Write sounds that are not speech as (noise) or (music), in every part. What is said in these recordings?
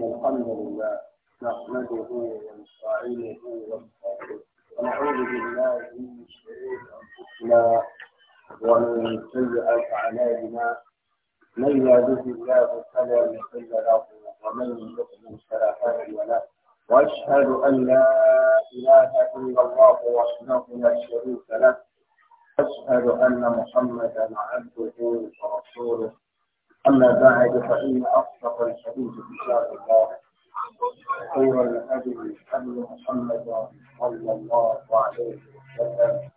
إن الحمد لله نحمده ونستعينه ونستغفره ونعوذ بالله من شرور أنفسنا ومن سيئات أعمالنا من يهده الله فلا مضل له ومن يضلل فلا هادي له واشهد ان لا اله الا الله وحده لا شريك له واشهد ان محمدا عبده ورسوله أما بعد فإن أصدق الحديث كتاب الله خير الهدي هدي محمد صلى الله عليه وسلم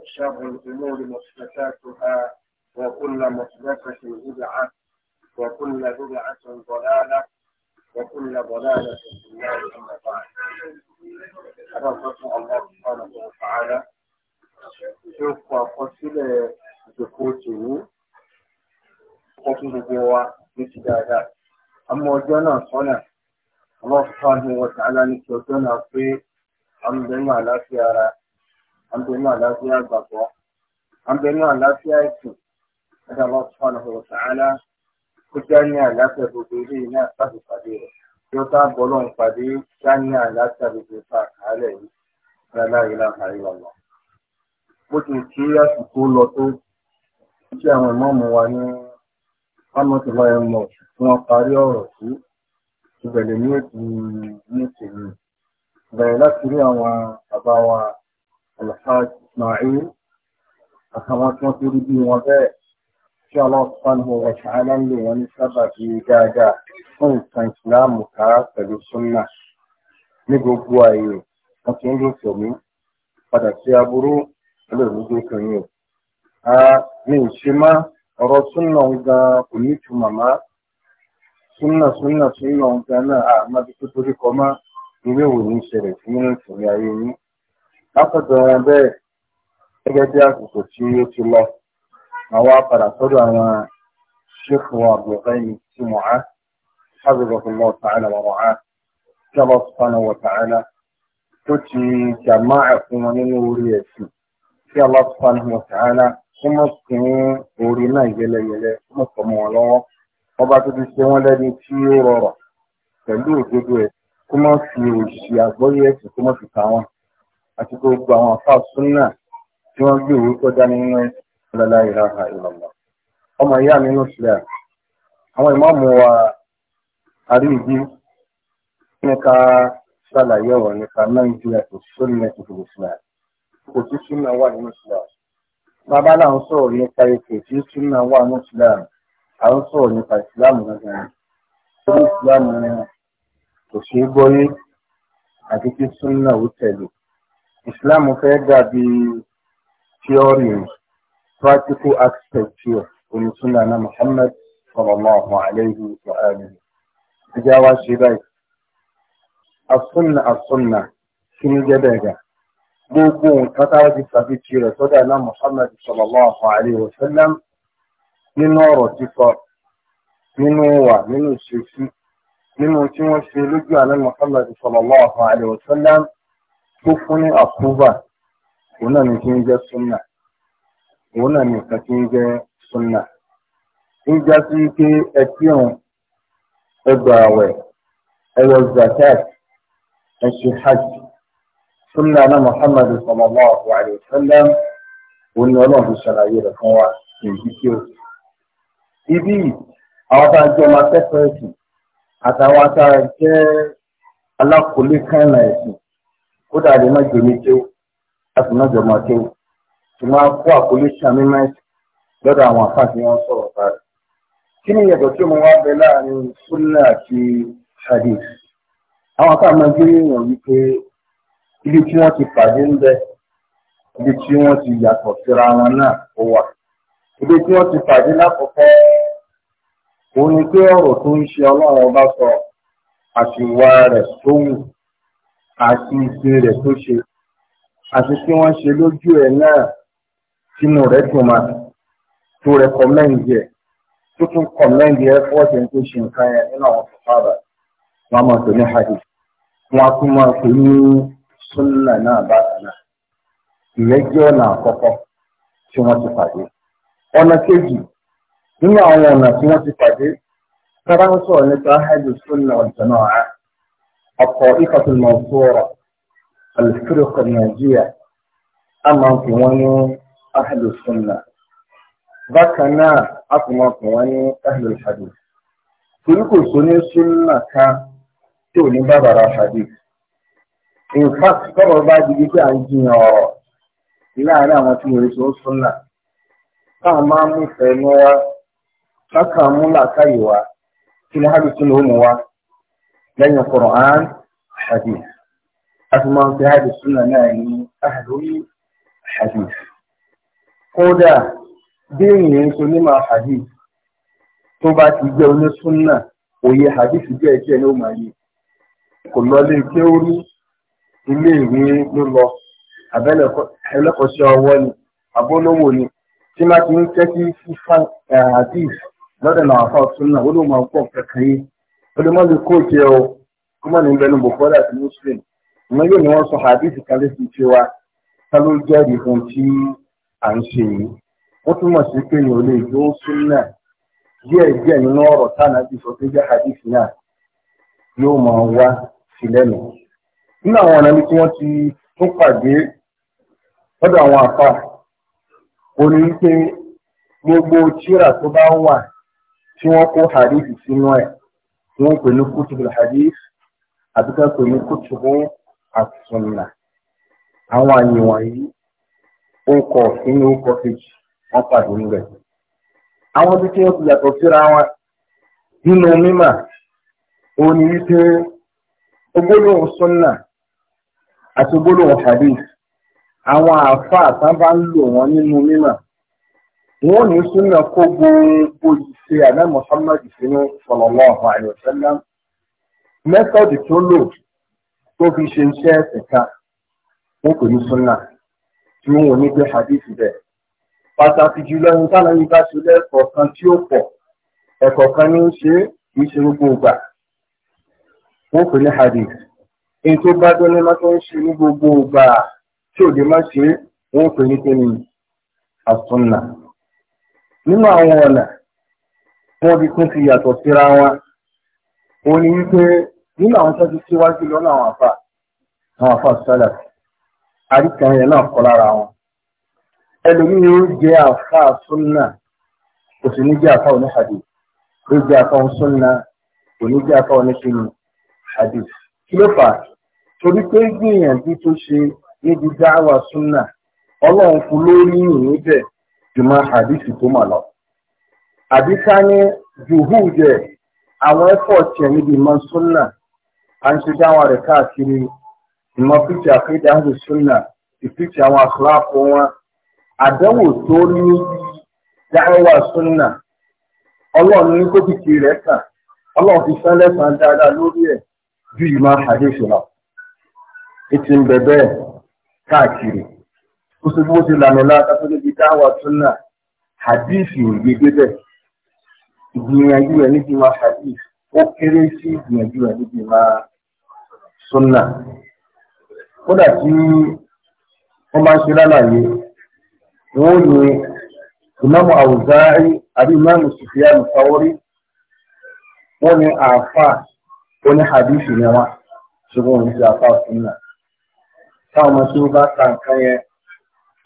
وشر الأمور محدثاتها وكل محدثة بدعة وكل بدعة ضلالة وكل ضلالة في النار أما بعد أرزقنا الله سبحانه وتعالى شوف وقتل ذكوته kó gbogbo wa ní ti dáadáa àmọ́ ọjọ́ náà sọ́nà Allah subhanahu wa ta'ala ti ọjọ́ náà pé àmúbẹ́nú àláfíà ara àmúbẹ́nú àláfíà àmúbẹ́nú àláfíà ẹ̀sìn ẹ̀dá kó já ní àláfíà gbogbo ilé pàdé rẹ̀ tá bọ́lọ̀ ń pàdé já ní àláfíà gbogbo ìfà àkàálẹ̀ yìí ti kí àsìkò lọ tó kí àwọn ìmọ̀ọ́mù wa ní. fámọ́tì lọ́yẹ̀ mọ̀ tí wọ́n parí ọ̀rọ̀ sí ìbẹ̀lẹ̀ ní ètò ní tèmi bẹ̀rẹ̀ láti rí àwọn bàbá wa alhaj ismail àtàwọn tí wọ́n torí bí wọn bẹ́ẹ̀ tí aláwọ̀ wa ṣàhálà ń lè wọn ní sábà bí dáadáa fún ìtàn ìsìláàmù ká pẹ̀lú súnà ní gbogbo ààyè wọn kì í lè sọ̀mí padà sí aburú olóògbé kan yìí. máa ọ̀rọ̀ súnà gan kò ní tu màmá súnà súnà súnà gan náà àmàbí tó torí kọ mọ́ ìwé ìwò ní ìṣẹ̀lẹ̀ sí nínú ìṣẹ̀lẹ̀ ayé yín látọ̀dọ̀ wọn bẹ́ẹ̀ gẹ́gẹ́ bí àsìkò tí ó ti lọ àwa padà sọ́dọ̀ àwọn ṣéfù àbùrẹ́yìn tí mo á sábẹ̀bọ̀kúnlọ́ tààlà wọ̀rọ̀ á tí a bá sọ́nà wọ̀ tààlà tó ti jàmáà fún wọn nínú orí ẹ̀sìn tí a bá sọ́nà wọ̀ tààlà kó mọ̀ fún orí náà yẹlẹyẹlẹ kó mọ̀ fọmọ wọn lọ́wọ́ ọba tó ti ṣe wọ́n lẹ́ni tí ó rọrọ̀ pẹ̀lú òdodo ẹ̀ kó mọ̀ fi òṣì àgbọ́yé ẹ̀sìn kó mọ̀ fi ta wọn àti gbogbo àwọn àfa súnà tí wọ́n gbé òwe kọjá nínú ọlọ́lá ìhàhà ìlọ́lọ́ ọmọ ìyá mi nù sílẹ̀ àwọn ìmáàmù wa àríyí nípa ṣàlàyé ọ̀rọ̀ nípa náà ń jẹ́ ẹ̀sìn sórí kò sí súnà wà nínú sílẹ̀ bàbá náà ń sọ̀rọ̀ nípa ipò tí súnà wà ní ìsìláàmù à ń sọ̀rọ̀ nípa ìsìláàmù gangan ní ìsìláàmù kò ṣe é gbọ́yé àti tí súnà ó tẹ̀lé ìsìláàmù fẹ́ dàbí tíọ́rì practical aspect here oní súnà náà Muhammad sallallahu alayhi wa alihi ẹjá wá ṣe báyìí asúnà asúnà kí ni jẹ́ bẹ́ẹ̀ gan gbogbo nǹkan táwa ti tàbí ti rẹ̀ sọ́dọ̀ iná Muhammad sallallahu alayhi wa sallam nínú ọ̀rọ̀ sísọ nínú wà nínú ìṣesí nínú tí wọ́n ṣe lójú àná Muhammad sallallahu alayhi wa sallam tó fún ní àkúbà òun náà ni kí n jẹ́ súnà òun náà ni kí n jẹ́ súnà ń já sí pé ẹ kírun ẹ ẹ yọ zakat ẹ ṣe hajj súnà náà Muhammad sallallahu alaihi wasallam òun ni Ọlọ́run ti ṣàlàyé rẹ̀ fún wa èyí tí ó ti. ibi àwọn tá a jẹ́ ọmọ akẹ́kọ̀ọ́ ẹ̀sìn àtàwọn tá a jẹ́ alákòólé kánà ẹ̀sìn kódà lè má jòmí tó a sì má jọmọ tó sì máa kó àkólé sàmì mẹ́sì lọ́dọ̀ àwọn àfáàtì wọn báyìí. kí ni ìyàtọ̀ tí mo wá bẹ láàrin súnà àti hadith àwọn àfáà máa gbé yẹn wípé ibi tí wọ́n ti pàdé ń bẹ ibi tí wọ́n ti yàtọ̀ síra wọn náà ó wà ibi tí wọ́n ti pàdé lákòókò òun ni pé ọ̀rọ̀ tó ń ṣe ọlọ́run ọba sọ àṣìwà rẹ̀ tó wù àti ìṣe rẹ̀ tó ṣe àti tí wọ́n ṣe lójú ẹ̀ náà sínú rẹ̀ dùn máa tó rẹ̀kọ́mẹ́ǹdì ẹ̀ tó tún kọ̀mẹ́ǹdì ẹ̀ fọ́ọ̀tì tó ṣe nǹkan yẹn nínú àwọn fàfàrà wọn máa tó ní hadith wọn á tún máa tó ní. sunna náà bákan náà ìyẹn jẹ́ ọ̀nà àkọ́kọ́ tí wọ́n ti pàdé ọ̀nà kejì nínú àwọn ọ̀nà tí wọ́n ti pàdé sábà ń sọ̀rọ̀ nípa ọ̀pọ̀ ìfọ̀tún náà sọ̀rọ̀ alifirikọ̀ nàìjíríà a máa ń pè wọ́n ní ahlu bákan náà a sì máa ń pè wọ́n ní torí kò sọ ní kan tí in fact tọ́rọ̀ bá di wípé à ń jiyàn ọ̀rọ̀ láàárín àwọn tí wọ́n sọ súnà táwọn máa mú fẹ́ẹ́nu wá kákan mú làákàyè wá kí ni hábì súnà ó mú wá lẹ́yìn Qur'an hadith a ti máa ń fi hábì súnà náà ní àhàlóyè kódà bí ń sọ nímọ̀ tó bá ti jẹ́ òye kò lọ lé iléèwé ló lọ ẹlẹ́kọ̀ọ́sẹ́ ọwọ́ ni abólówó ni tí má ti ń tẹ́tí fífa àdìs lọ́dọ̀ náà àfa ọ̀tún náà ó ló máa pọ̀ kẹ̀kẹ́ yìí ó lè má lè kó jẹ o kó ní bẹnu bòkọ́lá nínú àwọn ọ̀nà ní tí wọ́n ti tún pàdé lọ́dọ̀ àwọn àfà ó ní pé gbogbo tírà tó bá wà tí wọ́n kó hadith sínú ẹ̀ tí wọ́n pè ní kutubul hadith àti ká pè ní kutubu àtúnlà àwọn àyè wọ̀nyí ó kọ sínú kọfíjì wọ́n pàdé níbẹ̀. àwọn tí wọ́n ti yàtọ̀ síra wọn nínú mímà ó ní wípé ogólóhùn sunna àti gbólóhùn hadith àwọn àáfàá tán bá ń lò wọn nínú mímọ̀ wọn ò ní súnà kó gbogbo ìṣe àná Muhammad sínú sallallahu alaihi wasallam mẹ́tọ́dì tó lò tó fi ṣe iṣẹ́ ẹ̀ka wọn kò ní súnà tí wọn ò ní gbé hadith bẹ́ẹ̀ pàtàkì jùlọ ní táwọn bá ṣe lẹ́kọ̀ọ́ kan tí ó pọ̀ ẹ̀kọ̀ọ̀kan ní ṣe kì í ṣe gbogbo ìgbà wọn kò ní hadith ní tó bá dán ní má tó ń ṣe ní gbogbo ìgbà tí òde má ṣe wọn pè ní kí ni àsùnà nínú àwọn ọ̀nà tí wọ́n fi kún ti yàtọ̀ síra wọn òun ni wípé nínú àwọn tó ti síwájú lọ́nà àwọn àfà àwọn àfà sálà àríkàn yẹn náà kọ́ lára wọn ẹlòmíì ó jẹ́ àfà súnà kò sì ní jẹ́ àfà oníhàdì ó jẹ́ àfà onísúnà kò ní jẹ́ àfà oníṣẹ́ni àdì kí ló fà á torí pé gbìyànjú tó ṣe níbi dáwà súnà ọlọ́run fún lórí yìnyín níbẹ̀ jùmọ̀ àdìsí tó mà lọ. àdìsá ní juhu jẹ àwọn ẹ̀fọ́ tiẹ̀ níbi ìmọ̀ súnà à ń ṣe dáwà rẹ̀ káàkiri ìmọ̀ fíjì àkéde súnà ìfíjì àwọn àkùlákù wọn àdánwò tó ní dáwà súnà ọlọ́run ní kókìkì rẹ̀ kà ọlọ́run fi sán lẹ́sàn dáadáa lórí ẹ̀ ètí ń bẹ bẹ́ẹ̀ káàkiri ó sì bó ti lànà láta tó débi dáwà súnà hadith òye débẹ̀ ìgbìyànjú rẹ̀ níbi máa hadith ó kéré sí ìgbìyànjú rẹ̀ níbi máa súnà kódà tí wọ́n máa ń ṣe lálàyé wọ́n ní ìmáàmù àwùzáì àbí ìmáàmù sùfìyàmù sáwórí wọ́n ní àáfà ó ní hadith ni wọ́n ṣùgbọ́n òun ti àáfà súnà. táwọn ọmọ tí ó bá ta nǹkan yẹn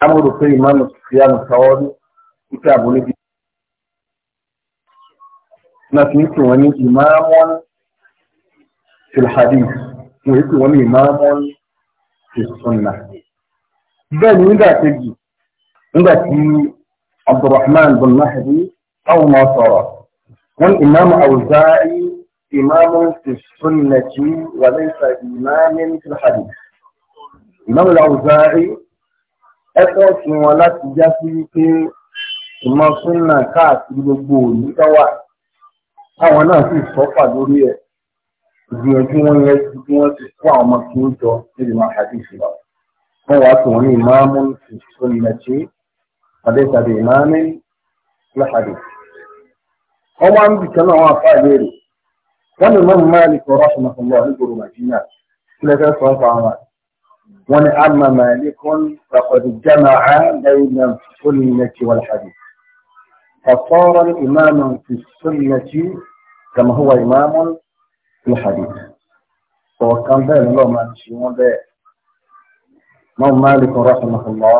amúrò pé ìmáàmù kìíyàmù sọ́wọ́ ní ìfẹ́ àbúlé bí. náà kì í pè wọ́n ní ìmáàmùn filhadi kì í pè wọ́n ní ìmáàmùn fìsùnà. bẹ́ẹ̀ ni nígbà kejì nígbà tí abdulrahman bin mahdi táwọn ọmọ sọ̀rọ̀ wọ́n ìmáàmù àwùzáì ìmáàmù fìsùnà kì í wà lẹ́sà ìmáàmù filhadi. ìmáàmù Awzā'ī ẹ̀kọ́ sí wọn láti já sí wípé ìmọ̀ súnà káàkiri gbogbo òní káwà táwọn náà sì sọ́pà lórí ẹ̀ ìgbìyànjú wọn yẹn ti bí wọ́n ti kó àwọn ọmọ kí ó jọ níbi máa hadith lọ. wọ́n wàá pè wọ́n ní ìmáàmù sunnati àdéhùn àbí ìmáàmù láhàdì. wọ́n wá ń bì kan náà wọ́n afá ìbéèrè wọ́n ní mọ́mú Malik rahimahullah nígboro Madina kílẹ̀ fẹ́ sọ́n pa àwọn àti wọ́n ní amma malikun fàkọ̀dù jama'a lẹ́yìn sunnati wal hadith fasara imamun fi sunnati kama huwa imamun fi hadith ọ̀kan bẹ́ẹ̀ lọ́wọ́ máa ń ṣe wọ́n bẹ́ẹ̀ mọ́ malikun rahimahullah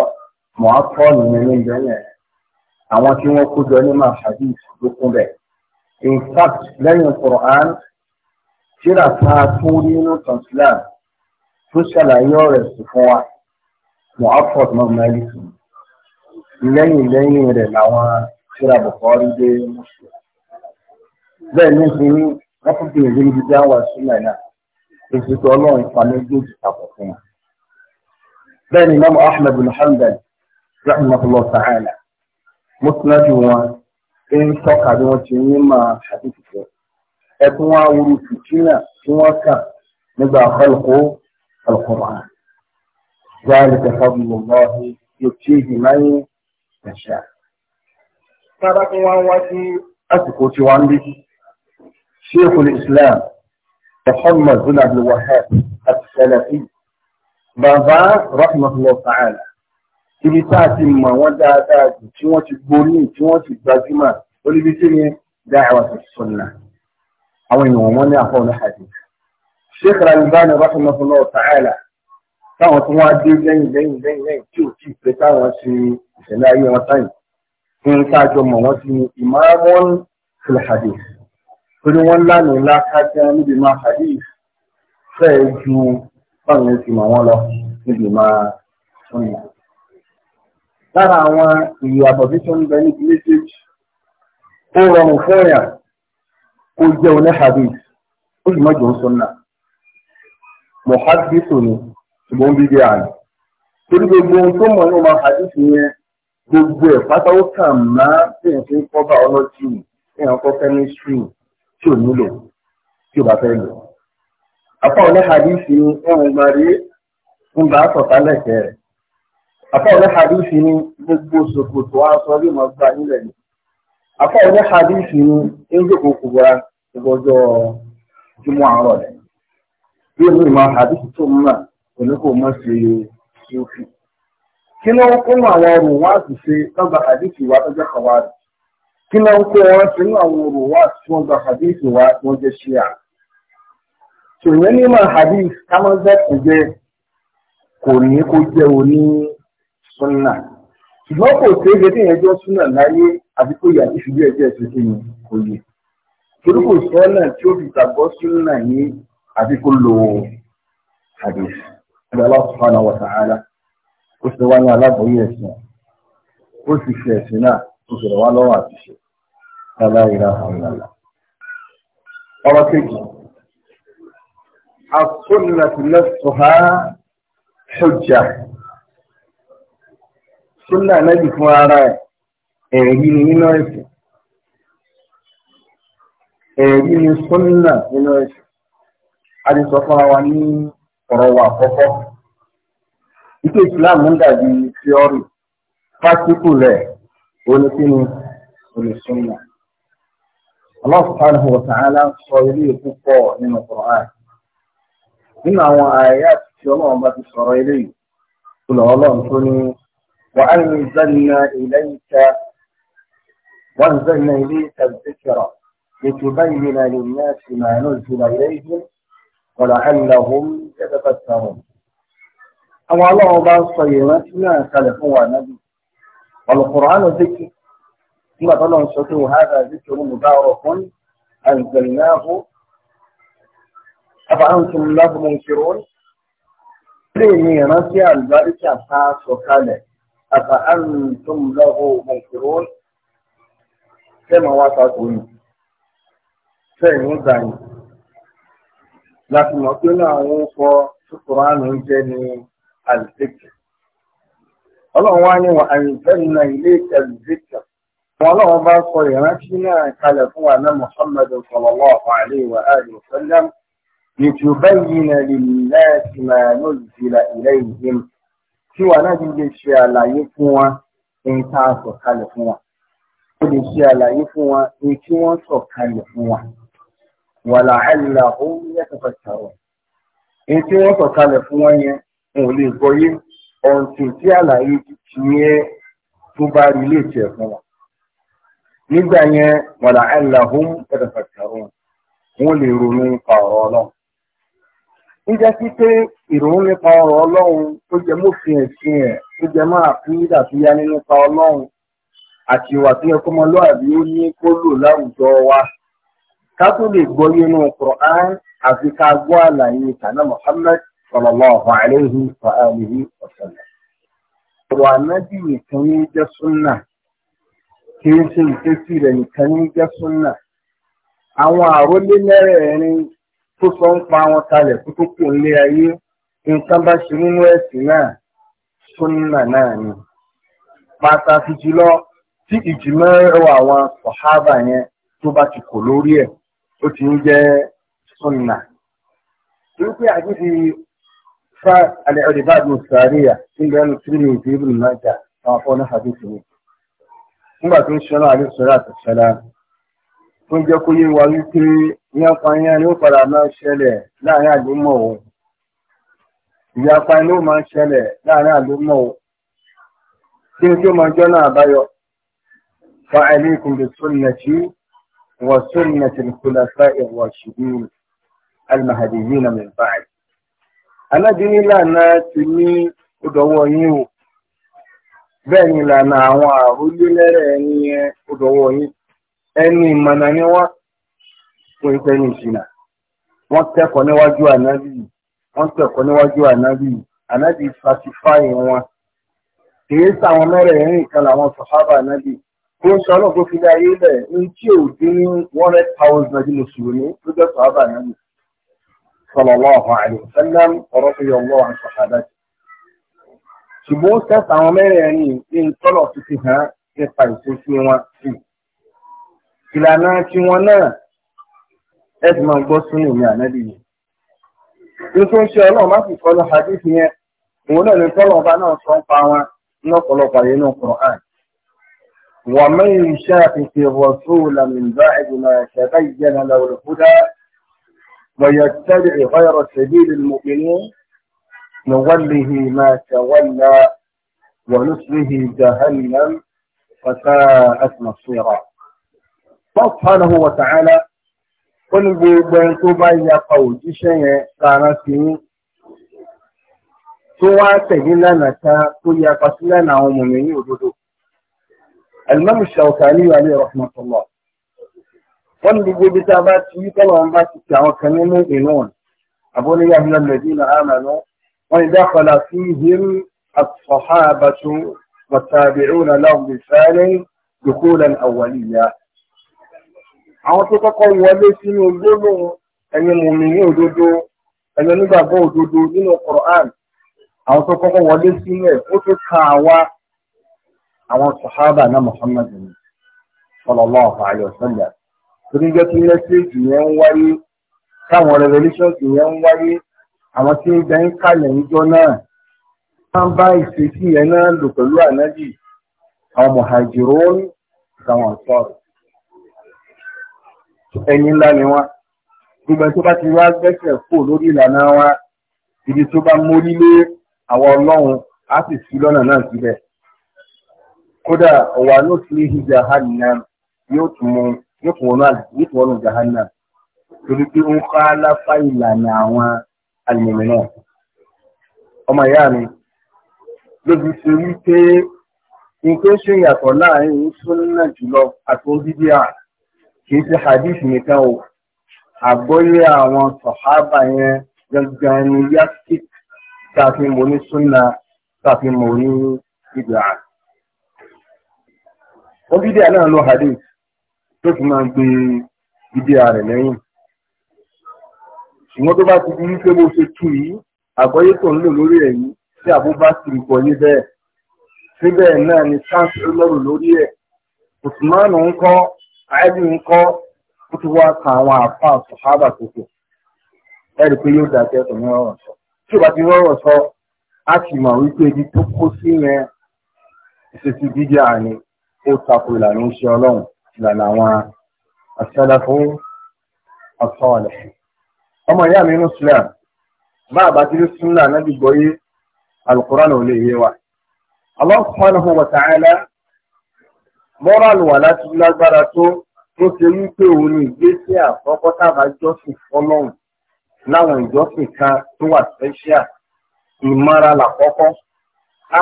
mọ̀ákọ́ nìyẹn ní ìjọ yẹn àwọn tí wọ́n kó jọ nímọ̀ hadith ló kún bẹ́ẹ̀. in fact lẹ́yìn Qur'an tíra ta tún nínú tọ̀síláàmù tó ṣàlàyé ọ̀rẹ̀ sí fún wa mohammed náà malik lẹ́yìn lẹ́yìn rẹ̀ làwọn síra bùkọ́rí dé mùsùlùmí bẹ́ẹ̀ ní ti ní wọ́n tún fi ìrírí ibi dáhùn wá sílẹ̀ náà èsì tó ọlọ́run ìfanẹ́gbẹ́jì papọ̀ fún wa bẹ́ẹ̀ ni imam ahmed bin hanbal rahmatulah ta'ala mùsùlùmí wọn ń bí wọ́n ti ń yín máa القرآن ذلك فضل الله يؤتيه من يشاء تركوا وتي أسكو تواندي شيخ الإسلام محمد بن عبد الوهاب السلفي بابا رحمة الله تعالى ibi tá a ti mọ̀ wọ́n dáadáa jù tí wọ́n ti gborí tí wọ́n ti gbajúmọ̀ ó yẹn dáhàwá ti sọ̀nà àwọn èèyàn wọn ní àfọwọ́n hadith sheikh al-Albani rahimahullah ta'ala táwọn tí wọ́n á dé lẹ́yìn lẹ́yìn lẹ́yìn lẹ́yìn tí ò tí ì pé táwọn ṣe ìṣẹ̀lẹ̀ ayé wọn sáyìn fún tájọ mọ̀ wọ́n ti imamun fil hadith torí wọ́n lánàá ńlá kájá níbi máa hadith fẹ́ẹ̀ ju báwọn ti mọ̀ wọ́n lọ níbi máa sunna. lára àwọn ìyàtọ̀ tí tó ń bẹ níbi méjèèjì ó rọrùn fún èèyàn kó jẹ́ oní ó sì mọ̀jọ̀ ń sunna mọ̀hádìsò ni ṣùgbọ́n bíbí àná torí gbogbo ohun tó mọ̀ ní ọmọ àdìsí yẹn gbogbo ẹ̀ pátá ó kàn máa tí n fi ń kọ́ biology tí n kọ́ chemistry tí ò nílò tí ò bá fẹ́ lò. apá ọ̀lẹ́ àdìsí ni ẹ̀hún gba rí ń bá sọ̀tà lẹ́kẹ̀ rẹ̀ apá ọ̀lẹ́ àdìsí ni gbogbo ṣòkòtò aṣọ rí mọ̀ gbà nílẹ̀ ni apá ọ̀lẹ́ àdìsí ni ń jòkó kúbọ̀ra gbọ́jọ́ jùmọ̀ àárọ̀ rẹ̀. bí o ní máa hàdísì tó mú náà kò ní kò mọ́ sí kí ló ń kún àwọn ọrùn wá sí ṣe lọ́gbà hàdísì wa tó jẹ́ kí ló ń kó wọn àwọn ọrùn wá sí wọn gba wa tó jẹ́ ṣíà. ṣòyẹn ní máa hàdísì kámọ́sẹ̀ kò jẹ́ kò ní kó jẹ́ súnà ṣùgbọ́n kò sí ẹgbẹ́ tí ìyẹn jọ súnà láyé àti kó lo hadith ẹgbẹ́ Allah subhanahu wa ta'ala ó sì wá ní alábòóyè ẹ̀sìn ó sì fi ẹ̀sìn náà ó sì rẹ̀ wá lọ́wọ́ àti ṣe lálá ìlà ìlàlá. ọ̀rọ̀ kejì asúnnàtì lẹ́sùhá hujja súnnà nẹ́bì fún ara ẹ̀ ẹ̀rí ni nínú ẹ̀sìn ẹ̀rí ni súnnà nínú ẹ̀sìn a ti sọ fúnra wa ní ọ̀rọ̀ wa àkọ́kọ́ ike Islam ń dàbí tíọ́rì pátíkù rẹ̀ oníkíni olùsúnmọ Allah subhanahu wa ta'ala sọ ilé ìkú pọ̀ nínú Qur'an nínú àwọn àyà tí Ọlọ́run bá ti sọ̀rọ̀ ilé yìí kúlọ̀ Ọlọ́run tó ní wa anzalna ilayka wa anzalna ilayka dhikra litubayyina lin-nasi ma nuzila ilayhim. ولعلهم يتفكرون àwọn aláwọ̀ bá sọ ìrántí náà kalẹ̀ fún wa nábì ọ̀lùkùránù zikì nígbà tó lọ́n sọ pé wàhálà zikì òun mú dáwọ̀ fún àìgbẹ̀lẹ́hù afáhàntún láti mú ìṣirún lè ní ìrántí àlùbáríkà tá a sọ kalẹ̀ afáhàntún láti mú ìṣirún sẹ́mi wá sàtúnyì sẹ́yìn gbà yìí láti mọ̀ pé láàrin sọ ṣùkúránù jẹ́ ní àlùfíkì. ọlọ́run wá ní wọn àyìnfẹ́nà ilé ìtẹ̀lùfíkì. wọn ọlọ́run bá sọ ìrántí náà kalẹ̀ fún wa náà Muhammad sallallahu alaihi wa alihi wa sallam litubayyina lin-nasi ma nuzila ilayhim tí wà náà ti lè ṣe àlàyé fún wa ní tá sọ kalẹ̀ fún wa. ó lè ṣe àlàyé fún wa ní tí wọ́n sọ kalẹ̀ fún wa wàlà àìlà ó yẹ́kọ̀ọ́ ṣàrọ̀. èyí tí wọ́n sọ kalẹ̀ fún wọn yẹn n ò lè gbọ́yé ọ̀ǹtì tí àlàyé ti yẹ tó bá rí ilé ìtẹ̀ fún wọn. nígbà yẹn wàlà àìlà ó yẹ́kọ̀ọ́ ṣàrọ̀ wọn lè ronú nípa ọ̀rọ̀ ọlọ́run. ń jẹ́ sí pé ìrònú nípa ọ̀rọ̀ ọlọ́run tó jẹ mọ́fin ẹ̀sìn ẹ̀ tó jẹ máa fi ká tó lè gbọ́ inú Qur'an àfi ká gbọ́ àlàyé tànà Muhammad sallallahu alayhi wa alihi wa sallam. ọ̀rọ̀ ànábì nìkan ní jẹ́ súnà kì í ṣe ìfẹ́sí rẹ̀ nìkan ní jẹ́ súnà. àwọn àrólé mẹ́rẹ̀ẹ̀rin tó sọ ń pa wọn kalẹ̀ kó ayé nǹkan bá ṣe nínú ẹ̀sìn náà súnà náà ni. pàtàkì jùlọ tí ẹ̀rọ ó ti ń jẹ́ sunna. Níbi fa alẹ́ ọ̀dẹ̀ bá àdúgbò sàárìyà tí ń bẹ́ẹ̀ tìrìmì tí ibùdó náà jà Nígbà tó ń ṣọlá àdúgbò sọ̀rọ̀ àtẹ̀sọ́lá tó ń jẹ́ kó yé wa wípé ìyapa yẹn ni ó padà máa ṣẹlẹ̀ láàrin àdúgbò Ìyapa ni ó máa ṣẹlẹ̀ láàrin Kí Fa وسنة الخلفاء الراشدين المهديين من بعد alábí nílànà ti ní ọdọ̀wọ́ yín o bẹ́ẹ̀ ni o. àwọn àrólélẹ́rẹ̀ ẹni yẹn ni wọ́n kò ń fẹ́ni ìṣìnà wọ́n kẹ́kọ̀ọ́ níwájú ànábì wọ́n kẹ́kọ̀ọ́ níwájú ànábì ànábì fatifáì ó ń sọ náà tó fi láyé lẹ̀ ní tí ò dín ní one hundred thousand ọdún mùsùlùmí tó jẹ́ sọ́ọ́bà náà nì sallallahu alaihi wasallam ọ̀rọ̀ tó yọ ọlọ́wà sọ̀hádà jù. ṣùgbọ́n ó sẹ́sà àwọn mẹ́rẹ̀ẹ̀rin ní ìtọ́lọ̀ tó fi hàn nípa ìṣesí wọn sí. ìlànà tiwọn náà ẹ ti máa gbọ́ sínú ìmí ànábì yìí. nítorí ṣe ọlọ́run má sì kọ́ lọ hadith òun náà ní ومن يشاقق الرسول من بعد ما تبين له الهدى ويتبع غير سبيل المؤمنين نوله ما تولى ونصله جهنم فساءت مصيرا فصله وتعالى قل بين قبي قول شيء قال سوى سهلنا تا قيا قتلنا ومن يوجده alimami ṣàwùkàní wà ní rahmatullah wọn ní gbogbo ibi tá a bá ti yí tọ́lọ̀ wọn bá ti tẹ àwọn kan nínú ìlú wọn abúlé ahmed medina amanu wọn ni dákọlá sí him asọ̀hábàtú wàtàbíùn aláwùdí sáré dùkúlan àwàlíyà àwọn tó kọ́kọ́ wọlé sínú gbólóhùn ẹni mùmíní òdodo ẹni onígbàgbọ́ òdodo nínú Qur'an àwọn tó kọ́kọ́ wọlé sínú ẹ̀ ó tó ka àwa àwọn sàhábà náà Muhammad ní sallallahu alaihi wasallam torí jẹ́ kí mẹ́sẹ̀jì yẹn ń wáyé táwọn revolution yẹn ń wáyé àwọn tí ń gbẹ́ ń kalẹ̀ níjọ́ náà máa ń bá ìṣesí yẹn náà lò pẹ̀lú ànájì àwọn muhajirun àtàwọn sọ̀rọ̀ ẹni ńlá ni wọ́n gbogbo tó bá ti wá gbẹ́sẹ̀ kó lórí ìlànà wa ibi tó bá mórí lé àwọn ọlọ́run á sì sí lọ́nà náà síbẹ̀ kódà ọ̀wà ló fi hi jahannam yóò tún wọnú jahannam torí pé ó ń kọ́ aláfà ìlànà àwọn alìmọ̀mọ́ náà ọmọ ìyá mi lóbi ṣe wí pé nǹkan ṣe yàtọ̀ láàrin súnnà jùlọ àti bídíà kìí ṣe hadith nìkan o àgbọ́yé àwọn sọ̀hábà yẹn gangan ni yasik tàfin ní súnnà tàfin ní bídíà wọ́n bídíà náà lọ hadith tó fi máa ń gbé bídíà rẹ̀ lẹ́yìn ṣùgbọ́n tó bá ti di wípé bó ṣe tú yìí àgbọ́yé tó ń lò lórí ẹ̀ yìí tí Abubakar kọ yé bẹ́ẹ̀ síbẹ̀ náà ni chance lọ́rùn lórí ẹ̀ Usman ń kọ́ Àìbí ń kọ́ ó ti wá ka àwọn àfa sùhábà kòkò ẹ̀rí pé yóò dàgbẹ́ tó ní ọ̀rọ̀ sọ tí ò bá ti rọ̀rọ̀ sọ á sì mọ̀ wípé ibi tó kó sí yẹn ìṣesí ó tako ìlànà iṣẹ́ ọlọ́run ìlànà àwọn asẹ́lẹ̀kú ọ̀sọ́ọ̀lẹ̀. ọmọ ìyá mi inú sílẹ̀ bá a bá ti rí súnlẹ̀ anábì gbọ́yé alukuran ò lè yé wa. Allah subhanahu wa ta'ala mọ́ràlù wà láti lágbára tó tó ṣe ní pé òun ní ìgbésẹ̀ àkọ́kọ́ tábà jọ́sìn fọlọ́run láwọn ìjọsìn kan tó wà special ìmọ̀ra làkọ́kọ́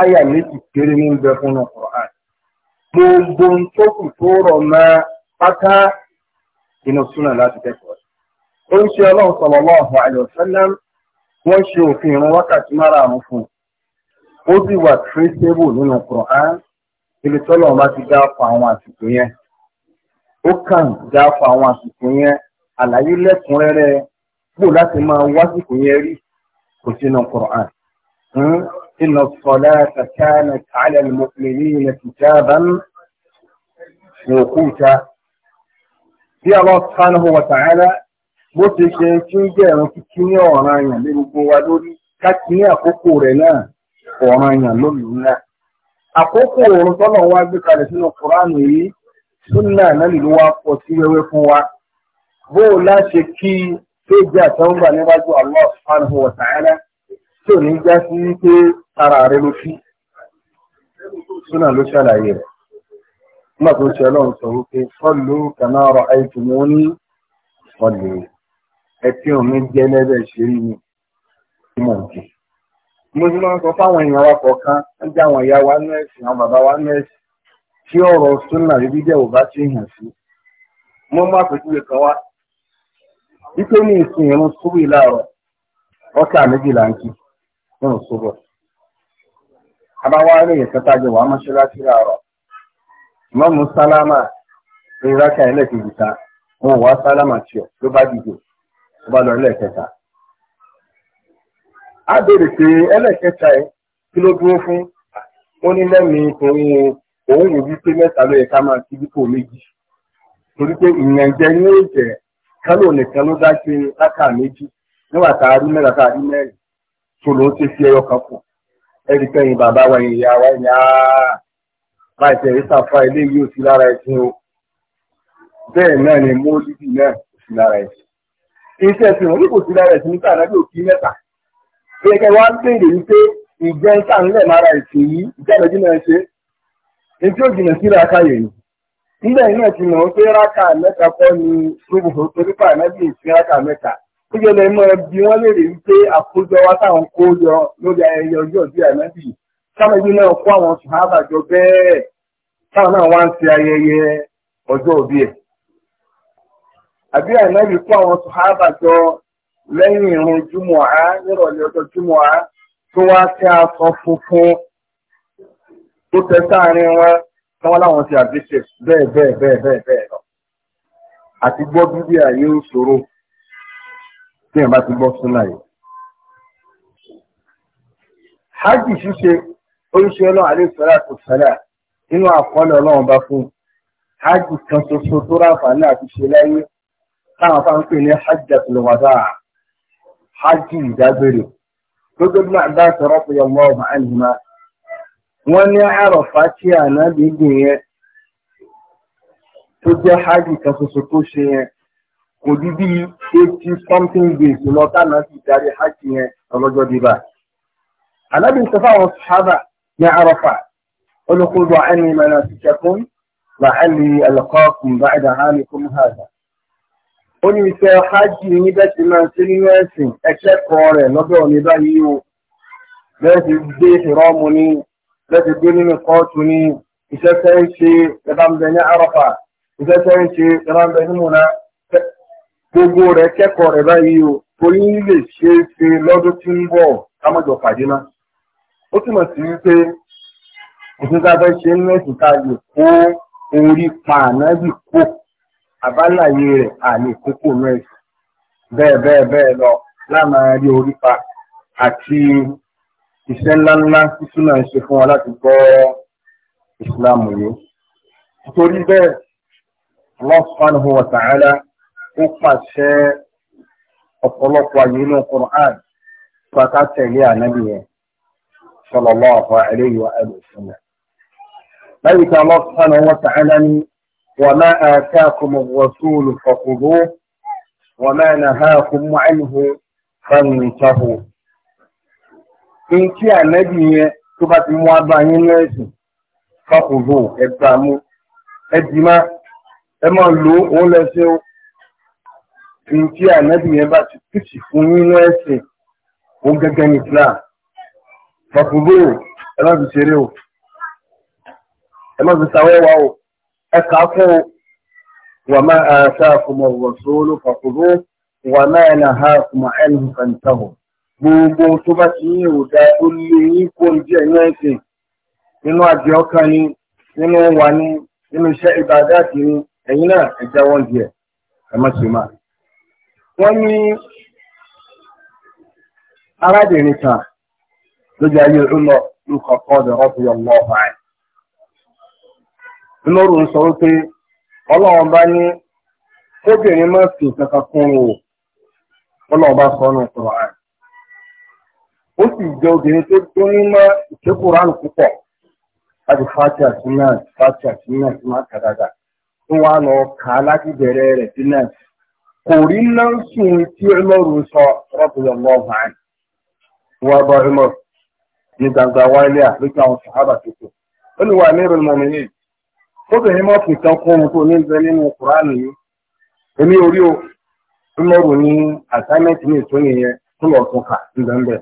áyà méjì péré ní ń bẹ fún ọkùnrin gbogbo tó tó rọ mọ́ pátá inú súnà láti kẹ́kọ̀ọ́. ó ń ṣe ọlọ́run sallallahu alaihi wasallam ṣe òfin ìrun wákàtí márààrún fún ó sì wà traceable nínú Qur'an ibi tọ́lọ́run bá ti dá fún àwọn àsìkò yẹn ó kàn dá fún àwọn àsìkò yẹn àlàyé lẹ́kùnrẹ́rẹ́ gbò láti máa yẹn rí إن الصلاة كانت على المؤمنين كتابا موقوتا bí Allah subhanahu wa ta'ala bó ti ṣe tí ń jẹ́ ẹ̀rùn kíkí ní ọ̀ràn àyàn lé gbogbo wa lórí káàkì ní àkókò rẹ̀ náà ọ̀ràn àyàn lónìí ńlá. àkókò òrùn tọ́nà wa gbé kalẹ̀ sínú kùránù yìí súnà náà lè wá pọ̀ sí wẹ́wẹ́ fún wa bó o láṣẹ kí tó jẹ́ àtẹ̀wọ́gbà níwájú Allah subhanahu wa ta'ala tí ò ní já sí wípé ara rẹ ló fi súnà ló ṣàlàyé rẹ̀ nígbà tó ṣe ọlọ́run sọ wípé sọ́ọ̀lù kanáàrọ̀ àìtù mú ní ọ̀lẹ̀ ẹtí omi jẹ́ lẹ́bẹ̀ ṣe rí ni tí mò ń kí. mo ti máa ń sọ fáwọn èèyàn wa kọ̀ọ̀kan wọ́n jẹ́ àwọn ìyá wa nẹ́ẹ̀sì àwọn bàbá wa nẹ́ẹ̀sì tí ọ̀rọ̀ súnà rí jíjẹ́ ò bá ṣe hàn sí. mo máa pèjúwe kan wá wípé ní ìsìn ìrún súwì láàárọ̀ ọkà méjìlá A ìkẹtàjọ wà mọ́ṣáláṣí àárọ̀ mọ́mú sálámà ta wọn ọ ló bá bá lọ ẹlẹ́kẹta. a béèrè pé ẹlẹ́kẹta ẹ kí ló dúró fún ó ní lẹ́mìí tòun òun wò wípé mẹ́ta ló yẹ ká máa ti dípò méjì torí pé ìyànjẹ ní èjẹ kálò nìkan ló dá sí méjì a rí mẹ́ta rí mẹ́rin tó ló ti fi ẹyọ kan kù. ẹ̀rí kẹ́yìn bàbá wa ẹ̀yìn ìyá wa ẹ̀yìn àá láì tẹ̀rí sàfà ilé yìí ò sí lára ẹ̀sìn o bẹ́ẹ̀ náà ni mólídì náà ò sí lára ẹ̀sìn iṣẹ́ ẹ̀sìn wọn ní kò sí lára ẹ̀sìn nípa ànábì òkì mẹ́ta gẹ́gẹ́ wá ń béèrè wípé ìjẹ́ ń tà ńlẹ̀ lára ẹ̀sìn yìí ìjẹ́ ìrẹ́jú náà ṣe ní tí ó jìnà sí raka yẹn ni ó yẹ lẹ́mọ bí wọ́n lè rí pé àkójọ wa táwọn kó yọ lórí ayẹyẹ ọjọ́ ìbí ànábì táwọn ẹbí náà kó àwọn sùhábà jọ bẹ́ẹ̀ táwọn náà wá ń ṣe ayẹyẹ ọjọ́ ìbí ẹ̀. àbí ànábì kó àwọn sùhábà jọ lẹ́yìn ìrun júmọ̀ á nírọ̀lẹ́ ọjọ́ júmọ̀ á tó wá sí aṣọ funfun tó tẹ sáàrin wọn tí wọ́n láwọn ti àbíṣe bẹ́ẹ̀ bẹ́ẹ̀ bẹ́ẹ̀ bẹ́ẹ̀ lọ àti gbọ́ bíbí àyè ń ṣòro. tí èèyàn bá ti gbọ́ súnà yìí. hajj ṣíṣe oríṣi ọlọ́run àlẹ́sọ̀rọ̀ àkọsọ̀rọ̀ nínú àkọọ́lẹ̀ ọlọ́run bá fún hajj kan ṣoṣo tó ráǹfààní àti ṣe láyé táwọn afá pè ní hajj àtìlọ́wọ́dá hajj ìdágbére gbogbo bí máa bá sọ̀rọ̀ pé ọmọ ọba àlùmá wọ́n ní tí kò ju bí eighty something days lọ tánà sí ìdarí hajj yẹn ọlọ́jọ́ dìbà. alábì sọ fáwọn sàhábà ní àràfà olùkóso àìní mẹ́rin àti ṣẹ́kùn làálì alqaakum ba'da hàmìkún hàdà. ó ní ìfẹ́ hajj ní bẹ́ẹ̀ ti máa ń ṣe nínú ẹ̀sìn ẹ̀kẹ́kọ̀ọ́ rẹ̀ lọ́dọ̀ ní báyìí o bẹ́ẹ̀ ti gbé ìrọ́mù ní bẹ́ẹ̀ ti gbé nínú kóòtù ní iṣẹ́ ń ṣe ẹ̀bá ń bẹ ní àràfà iṣẹ́ ń ṣe ẹ̀bá ń bẹ ní gbogbo rẹ̀ kẹ́kọ̀ọ́ rẹ̀ báyìí o torí lè ṣe é ṣe lọ́dún tí ń bọ̀ kámọ́jọ pàdé náà ó túmọ̀ sí wípé òfin tá a fẹ́ ṣe ń lẹ́sìn tá a lè kó orí pa ànábì kó àbáláyé rẹ̀ àlè kókó náà bẹ́ẹ̀ bẹ́ẹ̀ bẹ́ẹ̀ lọ láàmà rí orí pa àti iṣẹ́ ńláńlá títí náà ń ṣe fún wa láti gbọ́ ìsìlámù yìí. nítorí bẹ́ẹ̀ Allah subhanahu wa ta'ala ó pàṣẹ ọ̀pọ̀lọpọ̀ àyè inú Qur'an pátá tẹ̀lé ànábì yẹn sallallahu alayhi wa sallam. lẹ́yìn tí Allah subhanahu wa ta'ala ní wa ma atakumu ar-rasulu fakhudhuhu wa ma nahakum anhu fantahu. Nkí ànábì yẹn tó bá ti mú abáyé lẹ́sìn fakhudhuhu ẹ̀gbàmú ẹ̀dìmá ẹ̀ máa lò ó lẹ́sẹ̀ ó. ní tí ànábì yẹn bá ti pìtì fún nínú ẹ̀sìn ó gẹ́gẹ́ ní Islam pàpùbò ẹ má fi ṣeré o ẹ má fi ṣàwẹ́wà o ẹ kà á fún o wà má a ṣàkùmọ̀ wọ̀sọ́ọ́lù pàpùbò wà má ẹ nà ha kùmọ̀ ẹnu fàǹtàwọ̀ gbogbo tó bá ti yín ò dáa o lé yín kó ń jẹ́ inú ẹ̀sìn nínú àjẹ́ ọkàn ni nínú wà nínú ni ẹ̀yin náà ẹ jáwọ́ ń jẹ ẹ má ṣe máa. wọ́n ní arábìnrin kan lójú ayé ọlọ nǹkan kan ọdọ ọdún ọmọ ọba ẹ lóru ń sọ wípé ọlọ́run bá ní kóbìnrin má fi kankan kún o ọlọ́run bá sọ ọ́nà kúrọ̀ ẹ̀ ó sì jẹ́ obìnrin tó tó ní mọ́ ìkékùrọ̀ àrùn púpọ̀ láti àti náà àti náà ti máa tó lọ kà á kò rí nánsùn tí ọlọ́run sọ rọ́bìyàn lọ́wọ́ àná wọ́n bá ọmọ ní gbangba wáyé à lójú àwọn sàhábà tó kù ó ní wà ní ìrìn mọ̀mí yìí ó bẹ̀rẹ̀ mọ́ kìkan kún un tó ní bẹ nínú kùránì yìí èmi orí o ọlọ́run ní àtàmẹ́tì ní ìtúnyẹ yẹn tó lọ tún kà ńbẹ́ńbẹ́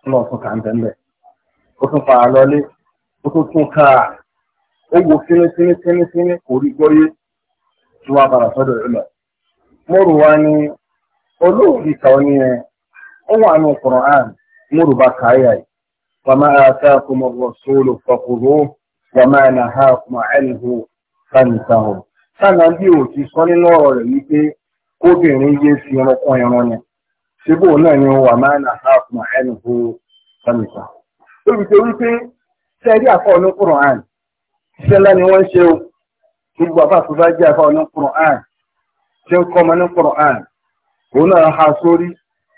tó lọ tún kà ńbẹ́ńbẹ́ ó tún fa àlọ́lé ó tún tún ká ó wo fínífínífínífíní kò rí gbọ́yé tí wọ́n á padà sọ́dọ̀ ẹ̀ lọ. mọ́rù wa ni olóòdì kan ní ẹ ó wà ní Qur'an mọ́rù káyà yìí wa ma atakum ar-rasulu fakhudhuhu wa ma nahakum anhu fantahu sáà bí ò ti sọ nínú ọ̀rọ̀ rẹ̀ wípé kóbìnrin yé fi ọkọ ẹran yẹn síbò náà ni wà máa wípé ní Qur'an ni wọ́n ṣe o gbogbo jẹ́ ní Qur'an tí ó kọ́ ọmọ ní Quran òun náà ha sórí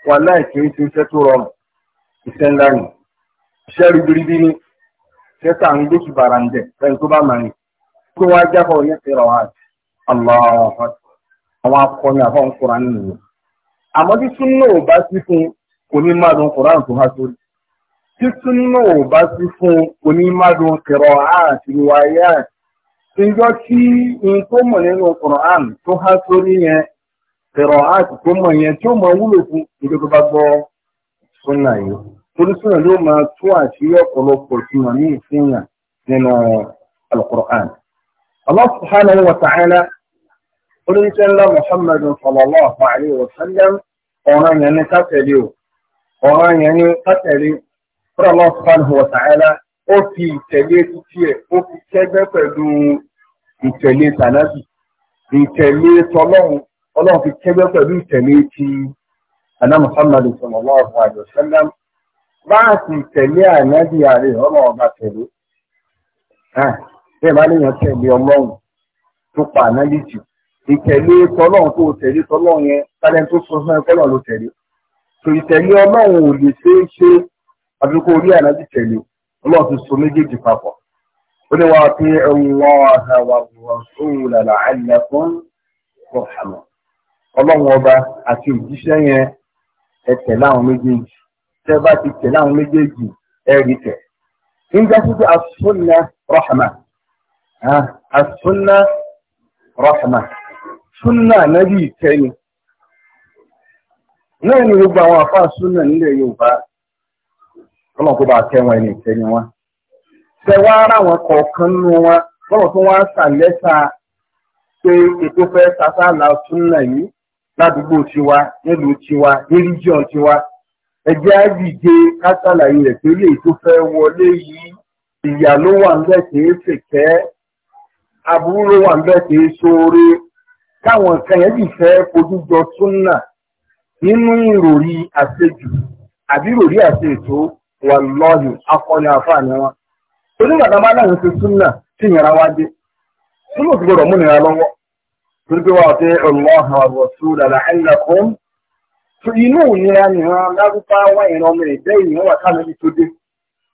wà láì kí ó ti iṣẹ́ tó rọrùn iṣẹ́ ńlá ni iṣẹ́ ribiribi ni iṣẹ́ tá à ń gbóṣù bàrà ń jẹ fẹ́ni tó bá mà ní kí wọ́n jábọ̀ ní ìrọ̀ àti àwọn akọni àfọ̀n Quran nìyẹn àmọ́ tí súnmọ́ ò bá sí fún onímọ̀dún Quran tó ha sórí tí súnmọ́ ò bá sí fún onímọ̀dún kẹrọ àti wáyé àti. ìjọ tí n tó mọ̀ nínú Quran tó há sórí yẹn ẹ̀rọ àti tó mọ̀ yẹn tí ó mọ̀ wúlò fún ìjọ ma bá gbọ́ súnà yìí torí súnà ló máa tó àṣírí ọ̀pọ̀lọpọ̀ súnà ní ìsinyà nínú al-Quran. ńlá sallallahu alayhi wa sallam ọ̀ràn yẹn ní o ọ̀ràn yẹn ní fúnra ó fi ìtẹ̀lé títí ìtẹ̀lé tànàbì ìtẹ̀lé tọlọ́run ọlọ́run fi kẹ́gbẹ́ pẹ̀lú ìtẹ̀lé ti àná Muhammad sallallahu alaihi wasallam máa sì tẹ̀lé ànábì ààrẹ ọ̀nà ọba tẹ̀lé bẹ́ẹ̀ bá léèyàn tẹ̀lé ọlọ́run tó pa ànábì jù ìtẹ̀lé tọlọ́run tó tẹ̀lé tọlọ́run yẹn tálẹ́ tó sọ fún ẹ̀kọ́ náà ló tẹ̀lé tó ìtẹ̀lé ọlọ́run ò lè ṣeé ṣe àfikún orí ànábì tẹ̀lé ọlọ́run ti so méjèèjì papọ̀ قل واطيعوا الله والرسول لعلكم ترحمون ọlọ́run ọba àti òjíṣẹ́ yẹn ẹ tẹ̀lé àwọn méjèèjì tẹ́ bá ti tẹ̀lé àwọn méjèèjì ẹ rí tẹ̀. nígbà tí asúnà rọ́hàmà asúnà rọ́hàmà súnà nábì ìtẹ́ni. náà ni gbogbo àwọn àfáà súnà nílẹ̀ Yorùbá ọlọ́run kó bá tẹ́ wọn ẹni ìtẹ́ni wọn. tẹ ara wọn kọọkan nínú wọn lọ́wọ́ tó wá ṣàlẹ́sà pé ètò fẹ́ sàṣàlà súnà yìí ládùúgbò tiwa nílùú tiwa níríjìọ̀n tiwa ẹjẹ́ àgbìgbé ká ṣàlàyé rẹ̀ pé lè tó fẹ́ wọlé yìí ìyà ló wà ń bẹ̀ kì aburú ló wà ń bẹ̀ kì káwọn nǹkan yẹn sì fẹ́ fojú jọ nínú ìròrí àṣejù àbí ìròrí àṣejù onu bá náà ń ṣe súnà tí ìyàrá wá dé súnà ti gbọdọ̀ múnira lọ́wọ́ torí pé wà á tẹ inu ọ̀rọ̀ ya dàda ẹ̀ńdà kan tó inú ìnira nìran lárúbáwá ìran ọmọ ẹ̀dẹ́ ìyẹn wà sáàmì tó dé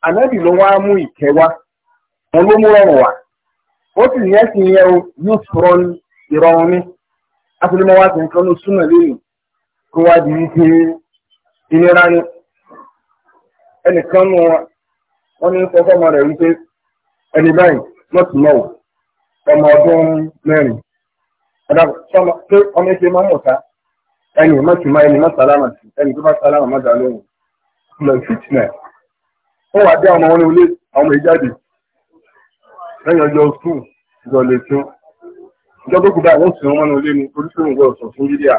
ànábì ló wá mú ìkẹwà wọn ló mú rọrùn wá ó sì yẹn sì o wọ́n ní sọ fọ́mọ rẹ̀ wípé ẹni báyìí wọ́n ti mọ̀ ọmọ ọdún mẹ́rin ọ̀dà pé ọmọ ẹgbẹ́ máa ń wọ̀ta ẹni mọ̀ sí máa ẹni mọ̀ sálámà sí ẹni tó bá sálámà má dà lóhùn lọ fìtìnà ó wà dé ọmọ wọn ní olé ọmọ ìjáde lẹ́yìn ọjọ́ skul ìjọ lè tún ìjọ tó kù báyìí wọ́n sùn wọn ní olé ni oríṣiríṣi òǹgbẹ ọ̀sán fún yídíà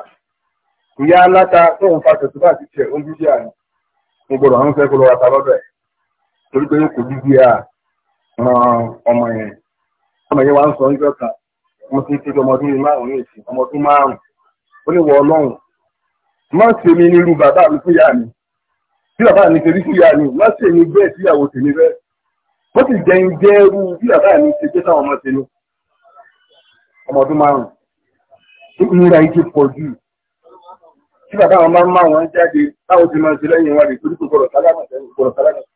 ìyá aláta tó ń fa tẹ̀síbà àti tiẹ̀ ó ń yídíà ni mo gbọ́dọ̀ àwọn fẹ́ kó lọ́ra ta lọ́dọ̀ ẹ̀ torí pé kò dídí à ran ọmọ yẹn ọmọ yẹn wà ń sọ ọjọ́ kan mo ti ti ọmọ ọdún márùn-ún ní ìsìn ọmọ ó lè wọ ọlọ́run má ṣe mi nírú bàbá mi fún ìyá mi bí bàbá mi ṣe rí sí ìyá mi má ṣe mi bẹ́ẹ̀ sí ìyàwó tèmi bẹ́ẹ̀ ó sì jẹ́ ń jẹ́ irú bí bàbá mi ṣe jẹ́ sáwọn ọmọ tèmi ọmọ ọdún márùn-ún yìí ti pọ̀ jù tí bàbá wọn bá ń máa wọn jáde táwọn ti máa ṣe lẹ́yìn wọn rè torí kò gbọdọ̀ sálámà sẹ́yìn gbọdọ̀ sálámà sẹ́yìn.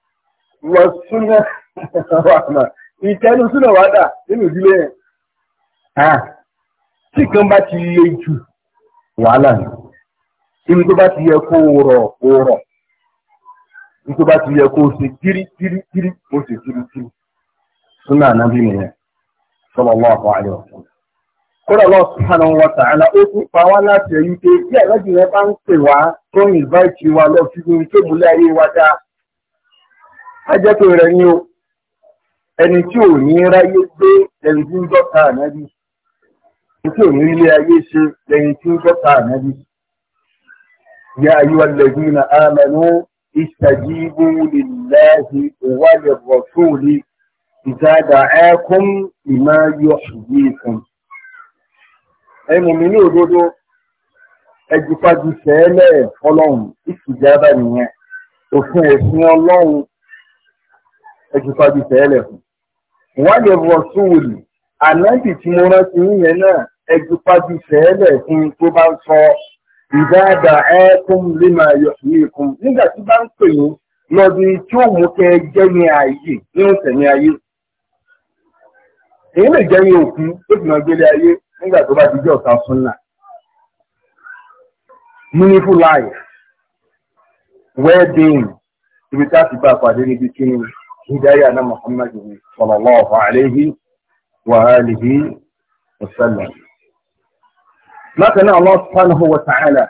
ike súnà wàhánà ìtẹnu súnà wàdà nínú ìdílé yẹn tí kan bá ti le jù wàhálà ni ibi tó bá ti yẹ kó rọ̀ kó ibi tó bá ti yẹ kó ṣe kiri kiri kiri kó ṣe kiri kiri súnà ànábì nìyẹn sallallahu alaihi wasallam kódà Allah subhanahu wa ta'ala ó tún pa wá láti ẹ̀yìn pé bí yẹn wa lọ ayé wa ajẹ́ pé rẹ̀ ni o ẹni tí ò ní ráyé gbé ẹni tí ń dọ́ta ànábì ẹni tí ò ní ilé ayé ṣe ẹni tí ń dọ́ta ànábì. يا أيها الذين آمنوا استجيبوا لله وللرسول إذا دعاكم لما يحييكم. ẹnu mi ní òdodo ẹjú pàjù sẹ́ẹ̀lẹ̀ ọlọ́run ìsìjábà nìyẹn òfin ẹ̀sìn ọlọ́run ẹjù fagi tẹ́lẹ̀ fún. wọ́n lè wọ súwìlì ànábì tí mo rántí yíyẹn náà ẹjù fagi tẹ́lẹ̀ fún tó bá ń sọ ìdáàdà ẹ́ẹ́kún lima yọ̀ọ̀yẹ̀kún nígbà tí bá ń pè yín lọ́dún tí ó mú kẹ́ jẹ́ ní ààyè nínú tẹ̀mí ayé. èyí lè jẹ́ ní òkú tó fi máa gbélé ayé nígbà tó bá ti jẹ́ ọ̀tá súnà. meaningful life well-being ibi tá a ti bá a pàdé níbi kí ni. هداية محمد صلى الله عليه وآله وسلم كان الله سبحانه وتعالى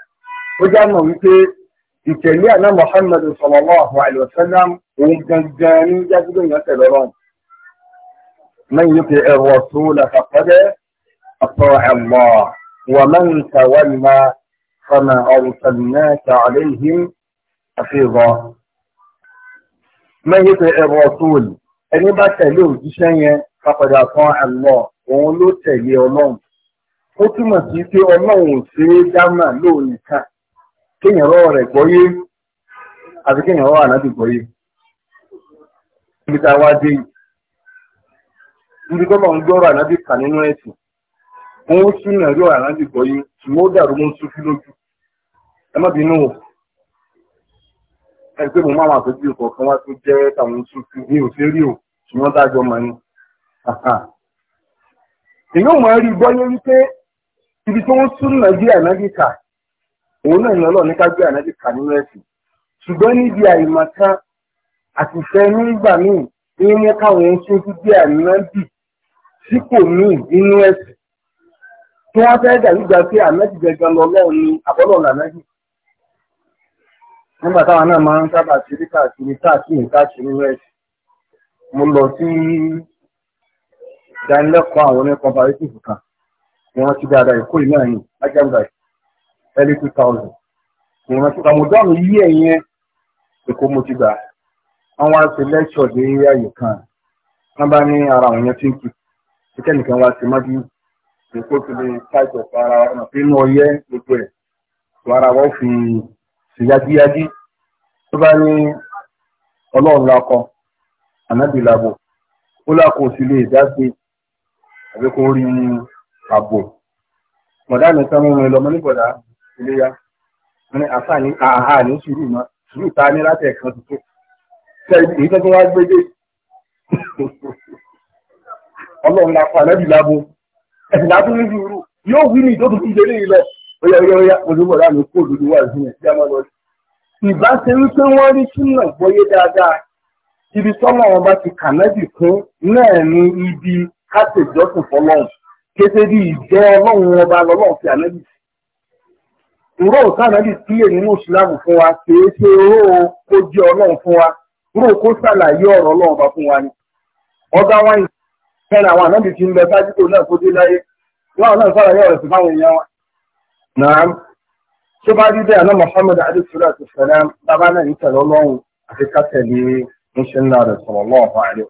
وجعلنا ويكي انا محمد صلى الله عليه وسلم ومجنجان جاكدون يتبرون من يطع الرسول فقد أطاع الله ومن تولى فما أرسلناك عليهم حفيظا mẹ́yẹ́pẹ́ ẹ̀rọ ọ̀tún ẹni bá tẹ̀lé òjíṣẹ́ yẹn nye kan àlọ́ òun ló tẹ̀lé ọlọ́run ó túmọ̀ sí pé ọlọ́run ò ṣe é dámà lóun nìkan kéèyàn rọ́ rẹ̀ gbọ́yé àti kéèyàn ànábì gbọ́yé. níbi tá a wá dé níbi tó ń gbọ́rọ̀ ànábì kà nínú ẹ̀sìn òun sún náà rí ọ̀rọ̀ ẹ pé mo máa wà tó bí ọkọ̀ kan wá tó jẹ́ tàwọn sùkú mi ò sí rí o ṣùgbọ́n dájọ́ mọ̀ ni. èyí ò mọ̀ rí gbọ́yé wípé ibi tó ń sún nàìjíríà nàìjíríà òun náà ni ọlọ́run ní ká gbé ànájíríà nínú ẹ̀sìn ṣùgbọ́n níbi àìmọ̀ká àtìfẹ́ nígbà míì ní mú káwọn oṣù tó gbé ànábì tí kò ní nínú ẹ̀sìn tí wọ́n fẹ́ dàgbà pé ànábì gẹ́gẹ́ lọ́lọ́run ni àbọ́lọ́run ànábì nígbà táwọn náà máa ń sábà ṣeré káàkiri káàkiri káàkiri west mo lọ sí ìdánilẹ́kọ̀ọ́ àwọn oní comparative kan ni wọ́n ti dáadáa ìkó ìlú náà yìí early two thousand ni wọ́n ti ramadan yí ẹ̀yẹn èkó mo ti gbà wọ́n wá ṣe lecture dé ààyè kan wọ́n bá ní ara àwọn yẹn ti kíkẹ́ nìkan wá sí èkó ti lè ìyájíyájí tó bá ní ọlọ́run lakọ ànábì làbò ó lákò sí lè dáṣe àbí kó rí àbò bọ̀dá mi sọ mú mi lọ mọ́ ní bọ̀dá iléyá wọ́n ní àfà ní àhà ní sùúrù mọ́ sùúrù ta ní láti ẹ̀kan tuntun ṣe èyí tó tún wá gbé dé (laughs) ọlọ́run lakọ ànábì làbò ẹ̀sìn látún ní sùúrù yóò wí ní ìdókòtò ìdílé yìí lọ óyá óyá óyá mo ló mọ̀ láàánú kó òdodo wà lójú ẹ̀ sí àmọ́ lọ. ìbá ṣe wípé wọ́n rí súnà gbọ́yé dáadáa ibi tọ́lọ̀ wọn bá ti kànábì kún náà ní ibi kátèjọ́sìn fọlọ́run kété bí ìjẹ́ ọlọ́run ọba lọ́lọ́run fi ànábì sí. ìró òkú ànábì sílẹ̀ nínú ìsìlámù fún wa kìí ṣe oró kó jẹ́ ọlọ́run fún wa ró kó ṣàlàyé ọ̀rọ̀ ọlọ́run ọba fún wa ni. ọ̀gá wa ń fẹ́ràn àwọn ànábì tí ń lọ sájú kò náà kó dé láyé wọn náà ṣàlàyé ọ̀rọ̀ sí fáwọn èèyàn wa náà tó bá rí bẹ́ẹ̀ náà Muhammad adéṣúlá àti sẹ́lẹ̀m bàbá náà ń tẹ̀lé ọlọ́run àti kátẹ̀lé ńṣẹ́ ńlá rẹ̀ sọ̀rọ̀ lọ́ọ̀hún àlẹ́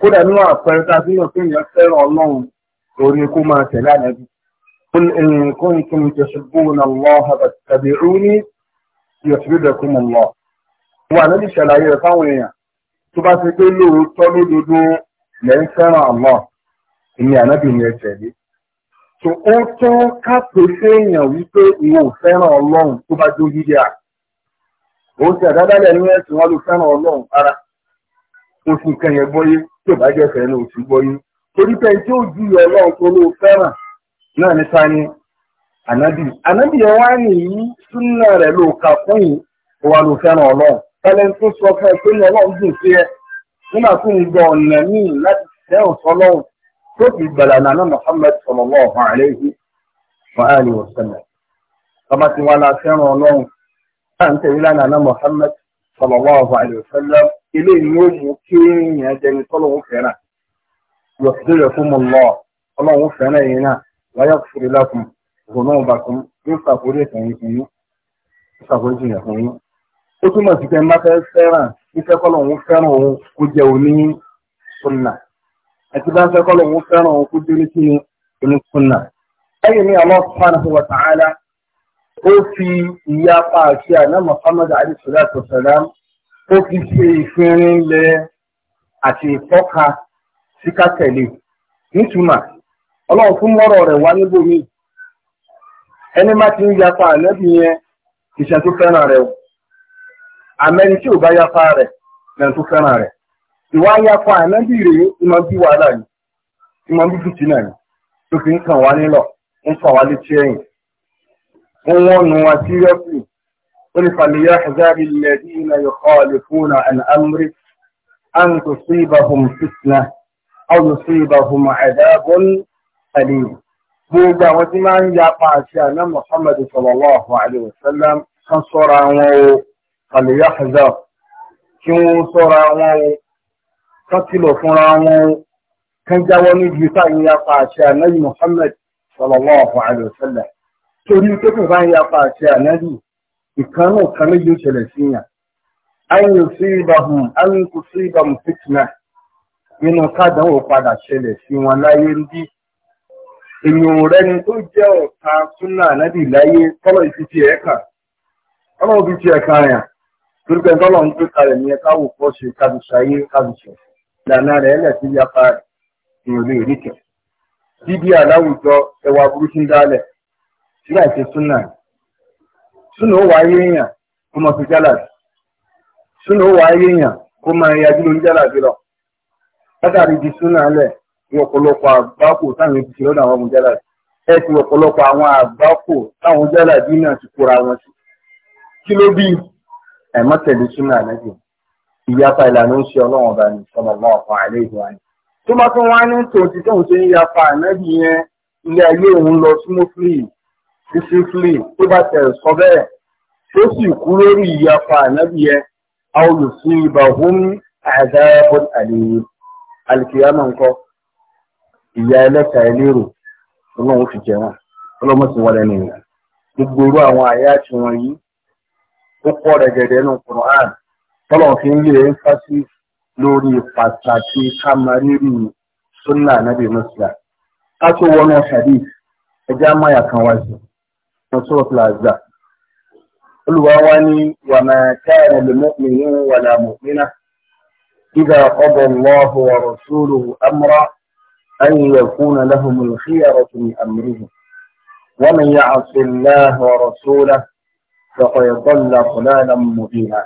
kódà nínú àpẹẹrẹ tá a fi hàn pé èèyàn fẹ́ràn ọlọ́run òní kó máa tẹ̀lé ànábì قل إن كنتم تحبون الله فاتبعوني يحببكم الله wà lórí ìṣàlàyé rẹ̀ fáwọn èèyàn tó bá ti pé lóòótọ́ lódodo lẹ́yìn fẹ́ràn tó ó tán ká pè séèyàn wípé ìwọ ò fẹ́ràn ọlọ́run tó bá jó yíyá ó ti àdádálẹ̀ ní ẹ̀sìn wọn ló fẹ́ràn ọlọ́run ara oṣù kẹyìn gbọ́yé tí ò bá jẹ́ fẹ́ ní oṣù gbọ́yé torí pé tí ó ju ọlọ́run tó ló fẹ́ràn náà níta ni ànábì ànábì yẹn wá nìyí súnà rẹ̀ ló kà fún yìí ó wá ló fẹ́ràn ọlọ́run tẹ́lẹ̀ tó sọ fún ẹ pé ọlọ́run dùn sí ẹ nígbà tó ń gbọ́ tó fi gbàlà nànà Muhammad sallallahu alayhi wa alihi wa sallam ọba tí wọn láti ẹran Ọlọ́run náà ń tẹ̀lé lánàá Muhammad sallallahu alayhi wa sallam ilé ìlú ó mú kí èèyàn jẹni tọ́lọ́hún fẹ́ràn yọ̀sílẹ̀ fún mọ̀ lọ ọlọ́hún yìí náà wáyà kúrò lákùn òun náà bàkún yóò ṣàkórí ẹ̀sán fún yín ṣàkórí ìjìyàn fún yín ó túmọ̀ sí pé má fẹ́ràn fífẹ́ kọ́lọ́hún fẹ́ràn òun kó jẹ́ òní sunna àti bá ń fẹ́ kọ́ lóun fẹ́ràn òun kó dúró sí ni inú súnà. lẹ́yìn ní Allah subhanahu wa ta'ala ó fi ìyá pa àṣẹ àná Muhammad ali salatu wa salam ó fi ṣe ìfinrin lẹ àti ìtọ́ka sí nítumà ọlọ́run fún mọ́rọ̀ rẹ̀ wá ẹni má ti ń yapa yẹn ìṣẹ́ tó fẹ́ràn rẹ̀ o àmẹ́ni tí ò bá ìwà ayapa ànábì rèé ìmọ̀ bí wàhálà ni ìmọ̀ bí fìtínà ni tó fi ń kàn wá nílọ̀ ń kàn wá létí ẹ̀yìn ń wọ́n nu wa sí rẹ́pù ó ní fàlẹ́yà ẹ̀záàrí ilẹ̀ ìnà yọkọ́ àlefúnà àná amúrí an tó sí ìbáhùn fìtínà ọ̀nà sí ìbáhùn àdáàbọ̀n àlè gbogbo àwọn tí máa ń yapa àti àná Muhammad sallallahu alaihi wasallam kan sọ́ra wọn o fàlẹ́yà ẹ̀záàrí kí wọ́n sọ́ra wọn o kán kìlọ̀ fúnra wọn kán jáwọ́ níbi táyé yapa àṣẹ ànábì Muhammad sallallahu alaihi wasallam torí pé bá ń yapa àṣẹ ànábì ìkànnù kan méjì ó ṣẹlẹ̀ sí yàn an yusibahum an tusibahum fitna nínú kádánwò padà ṣẹlẹ̀ sí wọn láyé ń bí èèyàn rẹ ni tó jẹ́ ọ̀tá súnà nábì láyé ìfi ti ti yàn torí pé tọ́lọ̀ ń gbé kalẹ̀ ní pọ̀ ṣe ìlànà rẹ̀ lẹ̀ sí yapa rẹ̀ èèyàn lè rí bíbí aláwùjọ ẹwà burúkú ń dálẹ̀ sí àìsí súnà rẹ̀ súnà ó wáyé èèyàn kó máa fi súnà ó wáyé èèyàn kó máa lọ. látàrí di súnà ọ̀pọ̀lọpọ̀ àgbákò táwọn ti àwọn ọmọ ẹ ọ̀pọ̀lọpọ̀ àwọn àgbákò táwọn ló bí súnà ìyapa ìlànà ń ṣe ọlọ́run ọba ní sallallahu alaihi wa sallam. tó bá tún wá ní tòun ti tóun ṣe ń yapa ànábì yẹn ilé ayé òun lọ smoothly sísífìlì tó bá tẹ̀ sọ bẹ́ẹ̀ tó sì kú lórí ìyapa ànábì yẹn àwòlùsí ìbàhún àdáyàbọ̀n àlèyé alìkìyàmọ̀ nǹkan ìyá ẹlẹ́ta ẹlẹ́rò ọlọ́run fi jẹ wọn ọlọ́mọ sì wọlé nìyẹn gbogbo irú àwọn àyà àti wọn yìí ó pọ̀ rẹ̀ gẹ̀dẹ̀ nù Qur'an tọ́lọ̀ fi ń lé ẹ́ńfásí lórí pàtàkì kámarírì sunna nabi musa ká tó wọnú hadith ẹjẹ́ amáyà kan wá sí ọ̀tọ́ plaza olùwà wá ní wàmà káàrẹ̀ lómọ́mìnì wàlà mọ̀mìnà إذا قضى الله ورسوله أمرا أن يكون لهم الخيرة من أمرهم ومن يعص الله ورسوله فقد ضل ضلالا مبينا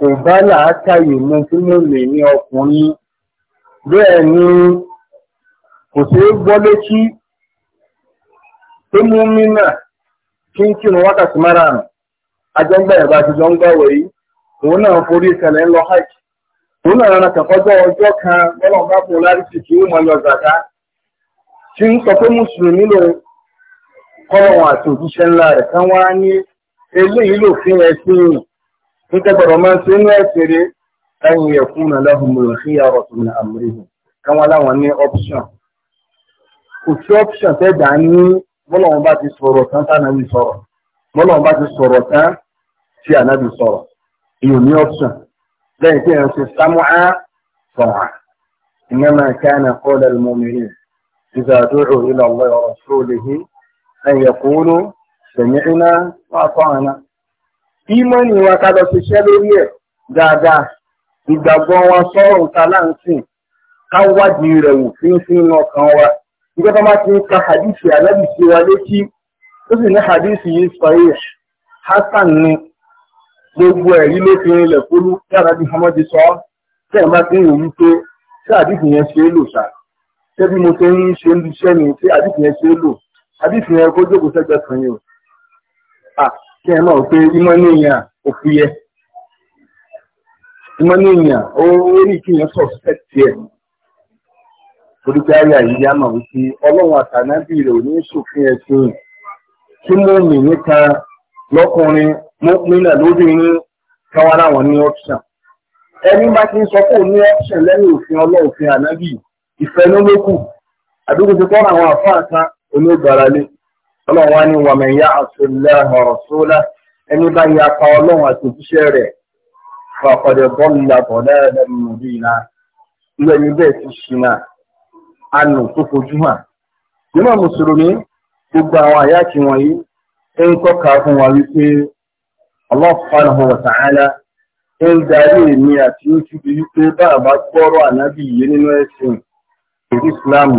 kò bá làákàyè mu kí mo lè ní ọkùnrin bẹ́ẹ̀ ni kò sí gbọ́ létí tó mú náà kí n wákàtí mara ún ajọ́ngbà ẹ̀bá àti jọ́ngbà wẹ̀yí òun náà forí ìṣẹ̀lẹ̀ ń hajj òun náà rárá kàkọ́jọ́ ọjọ́ kan lọ́nà bá fún kí mùsùlùmí lò kọ́ àwọn àti òjíṣẹ́ ńlá rẹ̀ wá ní eléyìí níta gbọ́dọ̀ máa ń ṣe inú ẹ̀sìn rẹ̀ ẹ̀yìn ẹ̀kún náà lọ́hùn-ún khiyaratu min amrihim káwọn láwọn ní option kò sí option tẹ́jà ní bọ́lọ̀wọ́n bá ti sọ̀rọ̀ tán tánàbí sọ̀rọ̀ bọ́lọ̀wọ́n bá ti sọ̀rọ̀ tán tí ànábì sọ̀rọ̀ èyàn ní option lẹ́yìn tí èèyàn ṣe sámúhá sọ̀rọ̀ innama kana qawla al-mu'minin idha ìmọ̀nì wa ká lọ ṣiṣẹ́ lórí ẹ̀ dáadáa ìgbàgbọ́ wa sọ̀rọ̀ ta láǹsìn ká wádìí rẹ̀ wò fínfín náà kan wa nígbà tó máa ti ń ka hadithi alábì sí wa létí ó sì ní hadithi yìí sahih hasan ni gbogbo ẹ̀rí ló fi rinlẹ̀ fólú tí alábì hamadi sọ ọ́ tẹ̀ máa ti ń rò wípé tí hadithi yẹn ṣe é lò ṣá ṣé bí mo ṣe ń ṣe ń ṣiṣẹ́ ni tí hadithi yẹn ṣe é lò hadithi yẹn kó jókòó sẹ́gbẹ̀ẹ́ kan yìí o. kí ẹ náà pé ìmọ̀ ní èèyàn ò fi yẹ ìmọ̀ ní èèyàn ó ní kí èèyàn ẹ̀ torí ayé àyè yá mà wípé ọlọ́run àtànábì rẹ̀ ò ní ṣòfin ẹ̀sìn tí mo mì níta lọ́kùnrin mọ́kùnrin lóbìnrin ní ẹni bá ti ń sọ pé òun ní ọ́pṣàn lẹ́yìn òfin ànábì ìfẹ́ ló lókù àdúgbò ti kọ́ ọlọ́run wá ní wàmẹ̀ yá àṣọlẹ́hàn ẹni bá ya pa ọlọ́run àti òjíṣẹ́ rẹ̀ fàkọ̀dẹ̀ na bọ̀dá ẹlẹ́nu rí iná ilé ẹni bẹ́ẹ̀ ti ṣìnà àánú tó fojú hàn nínú mùsùlùmí gbogbo àwọn àyáàkì wọ̀nyí ń tọ́ka fún wa wípé Allah subhanahu wa ń darí èmi àti wípé gbọ́rọ̀ ànábì yìí nínú ẹ̀sìn ìsìlámù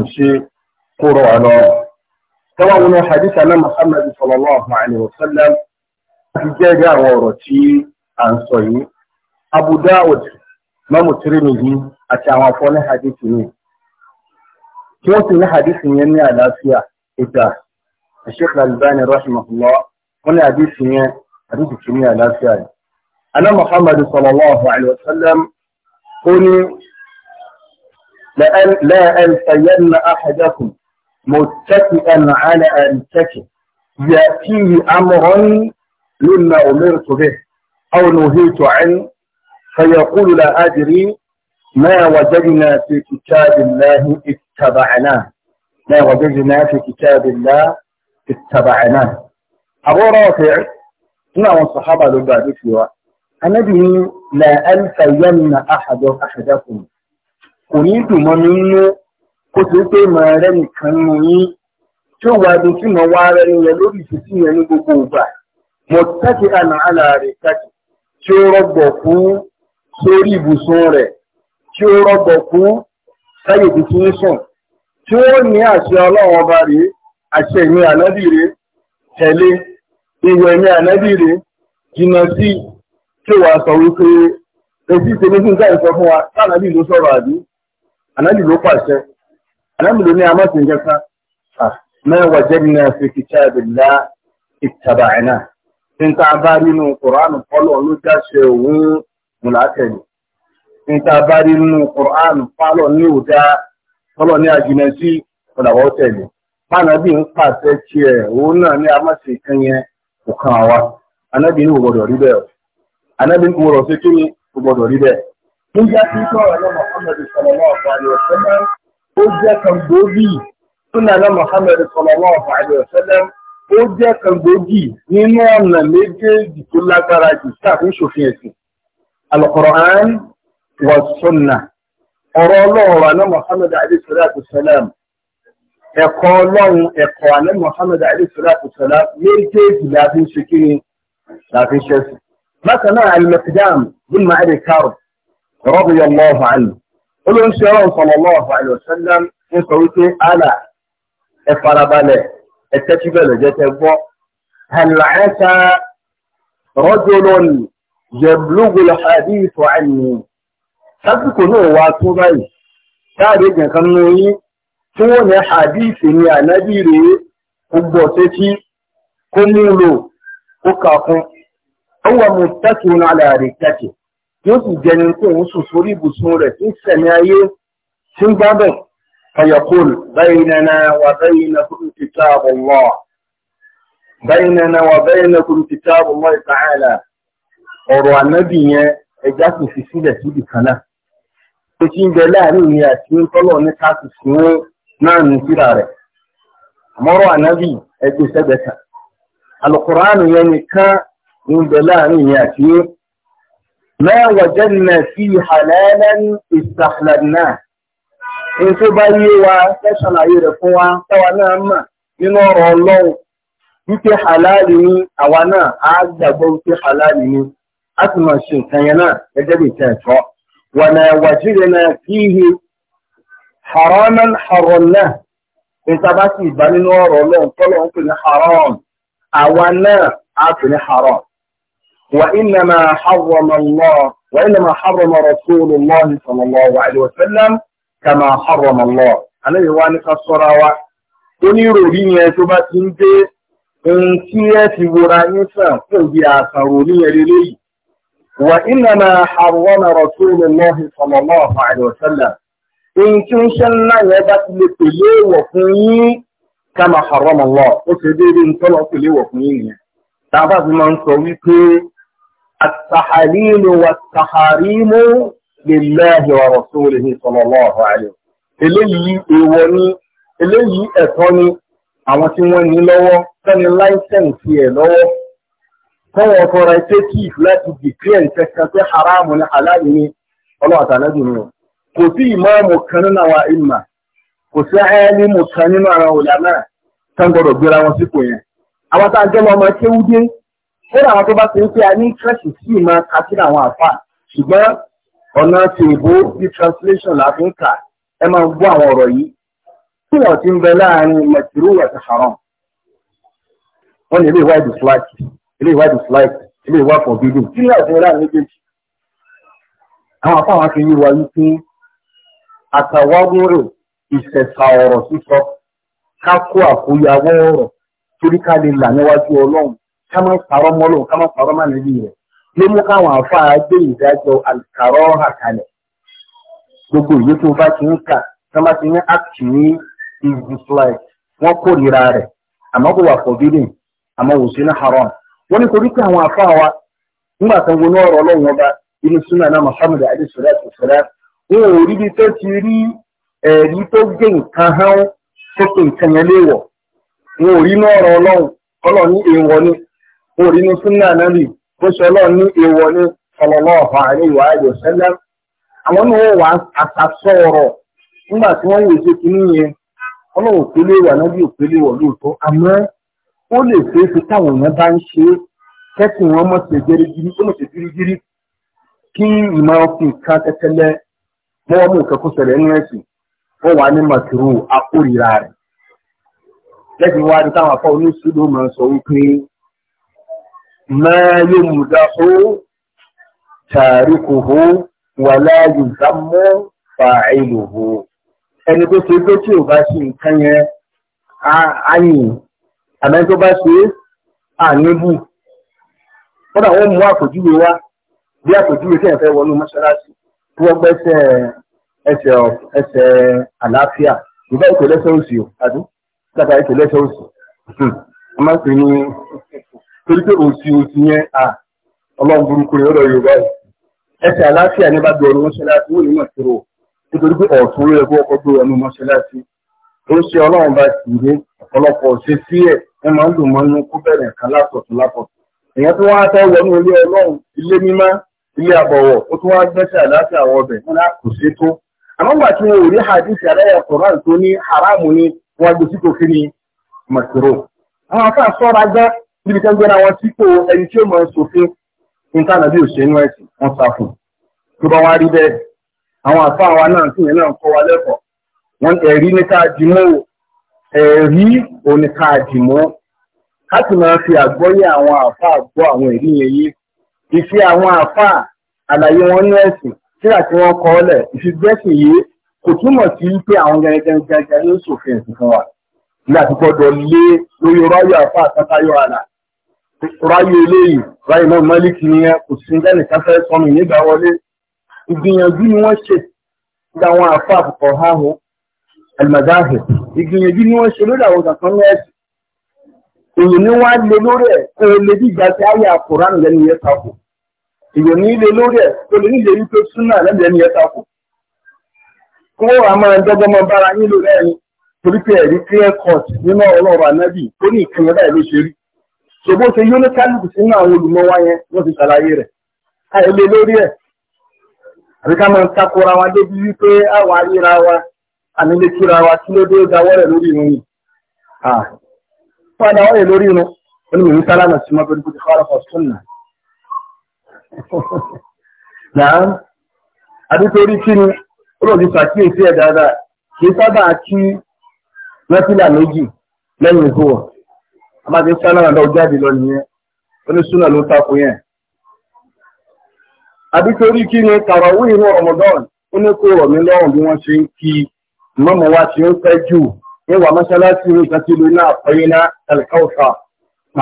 tọ́wọ́ wọn ní hadith anna Muhammad sallallahu alayhi wa sallam ti jẹ́ ẹgbẹ́ àwọn ọ̀rọ̀ tí à ń sọ yìí Abu Dawud mọ́mù Tirmidhi àti àwọn afọ ní hadith yìí tí wọ́n sì ní hadith yẹn ní àlàáfíà ìgbà Sheikh Al-Albani rahimahullah wọ́n ní hadith yẹn hadith tí ní àlàáfíà yìí anna Muhammad sallallahu alayhi wa sallam ó ní la alfayanna ahadakum متكئا على أنتكه يأتيه أمر مما أمرت به أو نهيت عنه فيقول لا أدري ما وجدنا في كتاب الله اتبعناه ما وجدنا في كتاب الله اتبعناه أبو رافع هنا الصحابة لبعد انا النبي لا ألفين أحد أحدكم قلت من kó tó pé màá rẹ nìkan nù yín tí ó wà ní tí màá wá rẹ nìyẹn lórí ìṣesí yẹn ní gbogbo ìgbà mo tẹ́tí àná àlà rẹ̀ tí ó rọgbọ̀ fún sórí ibùsùn rẹ̀ tí ó rọgbọ̀ fún sáyè ibi sùn tí ó ní àṣẹ ọlọ́run ọba rèé àṣẹ ìní ànábì rèé tẹ̀lé ìwẹ̀ ní ànábì rèé jìnnà sí tí sọ wípé èsì ìṣẹ́ni wa ló sọ̀rọ̀ àbí ànábì ló alámùlò ní amọ́sìn jẹ́ká mẹ́wàá jẹ́nà fi kitabillah ittaba'na tí n ta bá nínú kùránù fọ́lọ̀ ló jáṣẹ òun mùlátẹ̀lẹ̀ tí n ta bá nínú kùránù fọ́lọ̀ ní òdá fọ́lọ̀ ní àjìnà sí ọ̀dàwọ̀ tẹ̀lẹ̀ mánàbí ń pàṣẹ tí ẹ̀ òun náà ní amọ́sìn kan yẹn kò kan wa anábì ní gbọ́dọ̀ rí bẹ́ẹ̀ anábì ní ni ó jẹ́ kan gbòógì súnàlá Muhammad sallallahu alaihi wasallam ó jẹ́ kan gbòógì nínú ọ̀nà méjèèjì tó lágbára jù sáàfin ṣòfin ẹ̀sìn al-Qur'an wa sunnah ọ̀rọ̀ ọlọ́run àná Muhammad alaihi salatu wasalam ẹ̀kọ́ ọlọ́run ẹ̀kọ́ àná Muhammad alaihi salatu wasalam méjèèjì láàfin ṣe kí ni láàfin ṣe sí. bákan náà al-Miqdam bin Ma'adi Karib radiyallahu anhu olóńsì ọlọ́run sallallahu alaihi wasallam ń sọ wípé àlà ẹ farabalẹ̀ ẹ tẹ́tí bẹ́ẹ̀ lọ́jọ́ tẹ gbọ́ hàlàáta rajulun yablughul hadith anni sásìkò náà wà tó báyìí káàdé nǹkan nù yín tí wọ́n ní hadith ní ànábì rèé gbogbo tẹ́tí kó mú lò ó kà fún ọwọ́ mú tẹ́tí wọn àlàáre tẹ́tí. yóò sì jẹni pé òun sùn sórí ibùsùn rẹ̀ tí ń sẹ̀mí ayé tí wa baynakum wa baynakum kitabullah ta'ala ọ̀rọ̀ ànábì yẹn ẹja fi sílẹ̀ síbi kan náà tó ti ń bẹ láàrin ìní àti ń tọ́lọ̀ ní káàkiri sí wọn náà ní síra rẹ̀ àmọ́rọ̀ ànábì ẹgbẹ́ sẹ́gbẹ̀ta yẹn nìkan ń ما وجدنا فيه حلالا استحللناه in tó bá yé wa fẹ́ ṣàlàyé rẹ̀ fún wa táwa náà mà nínú ọ̀rọ̀ ọlọ́run wípé halali ni àwa náà á gbàgbọ́ wípé halali ni a sì máa ṣe nǹkan yẹn náà gẹ́gẹ́ bí ìtẹ́ ẹ̀tọ́ wọ̀nà wàjílẹ̀ náà fihi haraman haram náà níta bá sì bá nínú ọ̀rọ̀ ọlọ́run tọ́lọ́run pè ní haram àwa náà á pè ní haram وإنما حرم الله وإنما حرم رسول الله صلى الله عليه وسلم كما حرم الله أنا يواني كسرى oníròrí yẹn tó bá ti ń dé ohun tí ẹ ti wòra yín sàn fún bí àṣàrò ní ẹrẹ léyìí wà ìnana àrùwọ́nà Rasulullahi sallallahu alaihi wasallam ohun tí ń ṣe ńlá yẹn bá ti lè pèlè wọ̀ fún yín kama harrama Allah ó ṣe déédéé ń tọ́lọ̀ pèlè wọ̀ fún yín nìyẹn tá a bá fi máa ń sọ wípé التحاليل والتحاريم لله ورسوله صلى الله عليه وسلم eléyìí èèwọ̀ àwọn tí wọ́n ní lọ́wọ́ sẹ́ni láìsẹ̀ǹsì ẹ̀ lọ́wọ́ tọ́wọ́ ẹ̀ haramu ni aláàbí ni ọlọ́ọ̀tà kò sí kan nínú àwọn ìmà kò sí ẹ̀ẹ́límù kan nínú àwọn a jẹ́ lọ́mọ fún àwọn tó bá ti ń pé a ní kẹ́sì sí ìmọ̀ kásínà àwọn àfà ṣùgbọ́n ọ̀nà ti ìbò bí translation láti ń kà ẹ máa ń gbọ́ àwọn ọ̀rọ̀ yìí tí wọ́n ti ń bẹ láàrin mẹ̀tìrú àti haram wọ́n ní ilé ìwà dislike ilé ìwà dislike ilé ìwà forbidden kí ni àti ìlànà méjèèjì àwọn afọ àwọn akéwì wa wípé àtàwáwúrò ìṣẹ̀ṣà ọ̀rọ̀ sísọ ká kó àkóyawọ́ ọ̀rọ̀ torí ká lè là níwájú ọlọ́run kama má parọ́ kama ká má parọ́ má ló mú káwọn àfáà gbé ìdájọ́ àlùkàrọ́ àkàlẹ̀ gbogbo ìwé tó bá ti ń kà tó bá ti ní act ní ìdíslẹ̀ wọ́n kórìíra kò wà wò sí ní haram wọ́n ní torí pé wa nígbà tó ń ọba inú súnà náà Muhammad alayhi salatu wọn ò rí bí tó ti rí tó gé nǹkan nǹkan yẹn kò rí ní súnà náà rí bó ṣe ọlọ́run ní èèwọ̀ ní sallallahu alaihi wa alihi wasallam àwọn náà wọ́n wà àtàṣọ ọ̀rọ̀ nígbà tí wọ́n yóò ṣe kínní yẹn ọlọ́run tó lè wà náà bí ò pélé lóòótọ́ àmọ́ ó lè ṣe é ṣe táwọn èèyàn bá ń ṣe é wọn mọ̀ ṣe gírígírí ó mọ̀ ṣe gírígírí ما يمدح تاركه ولا يذم فاعله ẹni tó ṣe pé tí ò bá ṣe nǹkan yẹn á yìn àmọ́ tó bá ṣe àníbù kódà wọ́n mú àpèjúwe wá bí àpèjúwe tí ẹ̀ fẹ́ wọnú mọ́ṣáláṣí tí wọ́n gbẹ́sẹ̀ ẹsẹ̀ àlàáfíà ìbá ìkò òsì o àdú kàtà ìkò òsì a hm. máa ní torí pé òsì òsì yẹn à ọlọ́run burúkú rẹ̀ lọ́dọ̀ yorùbá yìí ẹsẹ̀ àlàáfíà ní bá gbé ọdún mọ́ṣáláṣí wọ́n ní mọ̀ nítorí pé ọ̀tún rẹ̀ kó ọkọ̀ gbé ọdún mọ́ṣáláṣí ó ṣe ọlọ́run bá sì ọ̀pọ̀lọpọ̀ ṣe sí ẹ̀ ẹ máa ń dùn mọ́ inú kó bẹ̀rẹ̀ kan látọ̀tún látọ̀tún ilé ọlọ́run ilé níbi tẹ́ ń gbẹ́ra wọn sípò ẹni tí ó mọ̀ ṣòfin nǹkan àbí òṣèlú ẹ̀sìn wọn sá fún tó bá wá rí bẹ́ẹ̀ àwọn àfáà wa náà tìyẹn náà kọ́ wa lẹ́kọ̀ọ́ wọn ẹ̀rí ní káàdì mọ́ ẹ̀rí òní káàdì mọ́ láti máa fi àgbọ́yé àwọn àfáà gbọ́ àwọn ẹ̀rí yẹn yé ìfẹ́ àwọn àfáà àlàyé wọn ní ẹ̀sìn síra tí wọ́n kọ́ lẹ̀ ìfigbẹ́sìn yìí kò túmọ̀ sí pé àwọn gẹ́gẹ́gẹ́gẹ́ ló ṣòfin ẹ̀sìn fún wa láti gbọ́dọ̀ lé lórí ọ̀rọ̀ ayọ̀ àfáà tátayọ̀ àlà ráyé eléyìí ráyé náà mọ́líkì nìyẹn kò sí ní ẹnìkan fẹ́ sọnù nígbà wọlé ìgbìyànjú ni wọ́n ṣe nígbà wọn àfa àbùkọ̀ háhùn àlùmọ̀dáhùn ìgbìyànjú ni wọ́n ṣe lórí àwọn kankan ní ẹ̀sìn èyí ni wọ́n á lé lórí ẹ̀ kó o lè dìgbà tí a yà kóran lẹ́nu yẹn takò èyí ni lé lórí ẹ̀ kó o lè nílé wípé súnà lẹ́nu yẹn takò kó o àmọ́ ẹ̀dọ́gbọ́mọ bára yín lórí ẹ̀yin torí pé ẹ̀rí clear cut nínú ọ̀rọ̀ ànábì tó ní ìkànnì báyìí ló ṣe rí ṣògbó ṣe yóò ní kálukú sínú àwọn olùmọ̀wá yẹn wọ́n ti ṣàlàyé rẹ̀ káyọ̀ lé lórí ẹ̀ àbí ká máa takora wa débi wípé àwọn ayéra wa àmì lè kíra wa kí ló dé dáwọ́ rẹ̀ lórí irun yìí fún àdáwọ́ rẹ̀ lórí irun ó ní mò ń sí mọ́tò nípa náà àbí torí kí ni ṣàkíyèsí ẹ̀ dáadáa kì í sábà kí àbájẹ́ sálára náà jáde lọ nìyẹn oníṣúná ló tako yẹn àbí torí kí ni tàràwí inú Ramadan ó ní kó rọ̀ lọ́rùn bí wọ́n ṣe ń kí mọ́mọ́ wa ṣe ń pẹ́ jù na mọ́ṣáláṣí ní ìkan tí ló náà pẹ́yẹ ná alkausa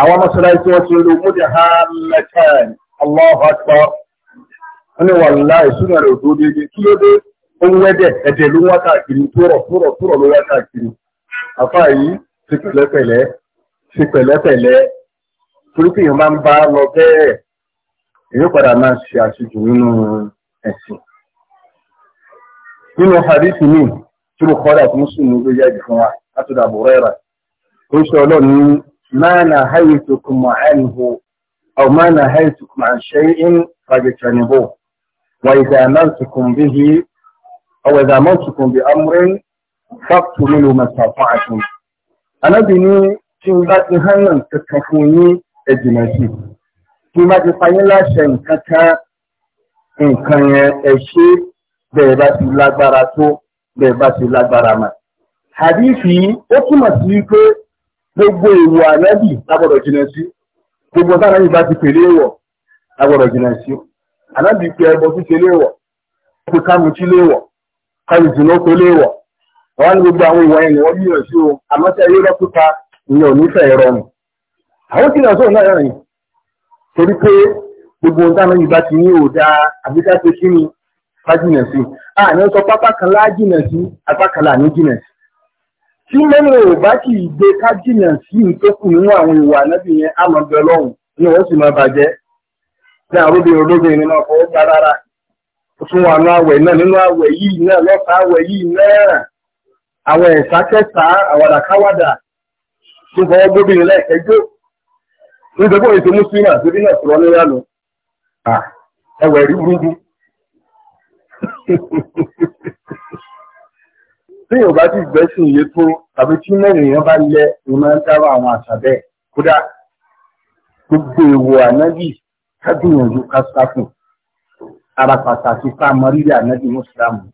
àwọn mọ́ṣáláṣí wọ́n ṣe ń lo múdẹ̀ ha mẹ́tẹ́ẹ̀n ní wà láì súnà rẹ̀ tó kí ló dé ó ń wẹ́dẹ̀ ẹ̀dẹ̀ ló ṣe pẹ̀lẹ́pẹ̀lẹ́ torí pé èèyàn bá ń bá lọ bẹ́ẹ̀ èèyàn padà máa ṣe àṣejù nínú ẹ̀sìn. nínú hadith mi tí mo kọ́ra tí mo sùn ní gbé jáde fún wa látọ̀dọ̀ àbúrẹ́ rà ó ṣe ọlọ́run ní máa nà háyè tó kún mọ́ àìníhó أو ما نهيتكم عن شيء فاجتنبوه وإذا أمرتكم به أو إذا أمرتكم بأمر فاقتلوا ما استطعتم أنا بني tí n bá ti hánà kankan fún yín ẹ̀jìnà sí tí n bá ti pa yín láṣẹ nǹkan kan nǹkan yẹn ẹ ṣe bẹ́ẹ̀ bá ti lágbára tó bẹ́ẹ̀ bá ti lágbára mà. Hadithi ó túmọ̀ sí wípé gbogbo ìwọ ànábì lágbọ́dọ̀ jìnà sí gbogbo táwọn ànábì bá ti pèlè wọ̀ lágbọ́dọ̀ jìnà sí ànábì pé ẹbọ ṣíṣe léwọ̀ pé kámutí léwọ̀ káyìí tìǹbù kó léwọ̀ àwọn gbogbo àwọn ìwà ẹ̀yìn wọ́n yíyan àmọ́ sí ayé ìyẹn ò ní fẹ́ rọrùn àwọn tí ìrìnàjò náà rìn torí pé gbogbo ohun táwọn yìí bá ti ní òòdà àbíká pé ni bá jìnà sí àní sọ pápá kan lá jìnà sí apá kan là ní jìnà sí tí mẹ́rin ò bá kì í gbé ká jìnà sí ìtókù nínú àwọn ìwà nábì yẹn àmọ́ bẹ lọ́hùn ni wọ́n sì máa bàjẹ́ ní àròbìnrin olóbìnrin náà fọwọ́ gbà rárá fún àwọn àwẹ̀ náà nínú àwẹ̀ yìí náà lọ́sàá àwẹ̀ yìí náà àwọn ẹ̀sà àwàdàkáwàdà tó fọwọ́ gbóbìnrin lẹ́ẹ̀kẹ́jọ́ nítorí pé ètò mùsùlùmí àti ìbílẹ̀ sọ̀rọ̀ ní ìyànà ẹwẹ̀ rí burúkú tí yóò bá ti (laughs) gbẹ́sìn iye tó tàbí tí mẹ́rin èèyàn bá lẹ ni máa ń dáwọ́ àwọn àṣà bẹ́ẹ̀ kódà gbogbo èèwọ̀ ànábì ká gbìyànjú ká sáfùn ara pàtàkì ká mọ rírì ànábì mùsùlùmí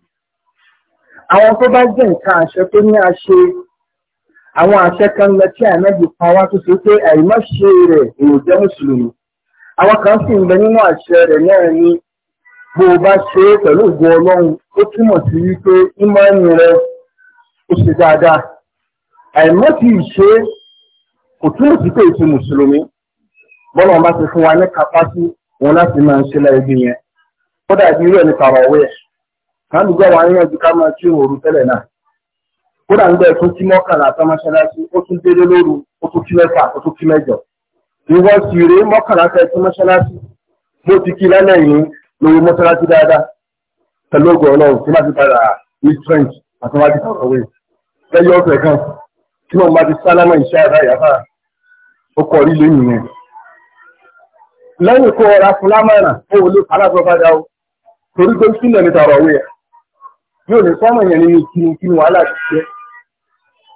àwọn tó bá jẹ́ nǹkan àṣẹ tó ní àṣẹ àwọn àṣẹ kan lọ tí ànábì pa wá tó ṣe pé àìmọ́ṣe rẹ̀ èrò jẹ́ mùsùlùmí àwọn kan sì ń bẹ nínú àṣẹ rẹ̀ náà ni bó o bá ṣe é pẹ̀lú ògo ọlọ́run ó túmọ̀ sí wípé ìmọ̀ọ́nì rẹ ó ṣe dáadáa àìmọ́ tí ì ṣe kò túmọ̀ sí pé ètò mùsùlùmí bọ́lá wọn bá ti fún wa ní kápásí wọn láti máa ń ṣe láìbí yẹn kódà bí irú ẹni tààrọ̀ wẹ̀ ẹ̀ ká lùgbọ́ wa yíyanjú ká máa tún òru tẹ́lẹ̀ náà kódà ń gbọ́ ẹ̀ tún kí mọ́kànlá tán mọ́ṣáláṣí ó tún délé lóru ó tún kí mẹ́fà ó tún kí mẹ́jọ. ìwọ sì rèé mọ́kànlá tẹ̀ tún mọ́ṣáláṣí mo ti kí lálẹ́ yìí lórí mọ́ṣáláṣí dáadáa pẹ̀lú ògùn ọlọ́run tí wọ́n ti padà ní strength àti wọ́n ti kọ̀ọ̀kan wẹ̀. lẹ́yìn ọ̀sẹ̀ kan tí wọ́n bá ti iṣẹ́ ara ìyáfà ó lẹ́yìn yẹn. lẹ́yìn kó ọ̀rá ó wọlé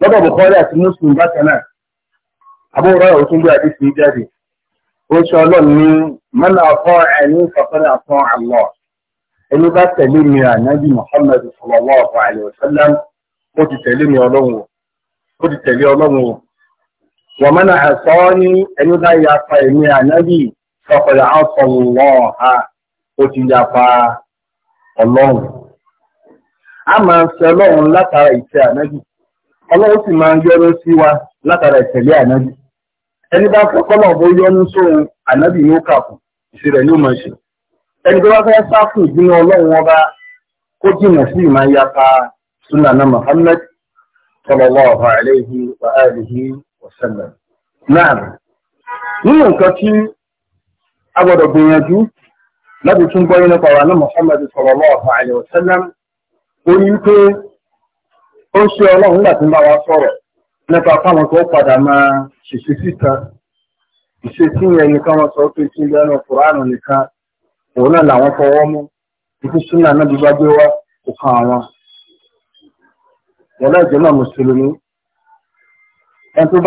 lọ́dọ̀ Bukhari àti Muslim bákan náà abúrò ọ̀rọ̀ tún gbé àdìsí jáde ó ṣe ọlọ́run ní mọ́nà ọ̀fọ́ àlọ́ ẹni bá tẹ̀lé mi ànábì sallallahu ti tẹ̀lé mi ọlọ́run ti tẹ̀lé ọlọ́run o wọ́n mọ́nà ẹ̀sọ́ ní ẹni bá ẹ̀mí ànábì ọlọ́run sì máa ń yọ́nú sí wa látara ìtẹ̀lé ànábì ẹni bá fẹ́ kọ́lọ̀ bó yọ́nú sóhun ànábì yóò kà ìṣe rẹ̀ yóò máa ṣe ẹni tó bá fẹ́ sá fún ọlọ́run ọba kó jìnà sí ìmọ̀ ya pa na Muhammad sallallahu alayhi wa alihi wa náà nínú nǹkan tí a gbìyànjú láti tún nípa wa na Muhammad ó ṣe ọlọ́run nígbà tí ń bá wa sọ̀rọ̀ nípa fáwọn tó padà máa ṣèṣe síta ìṣesí yẹn nìkan wọn sọ pé tí lẹ́nu kùránù nìkan òun náà làwọn fọwọ́ mú ìfi súnà náà bí bá gbé wá kò kan àwọn. wọ́n lẹ́jọ́ náà mùsùlùmí ẹni tó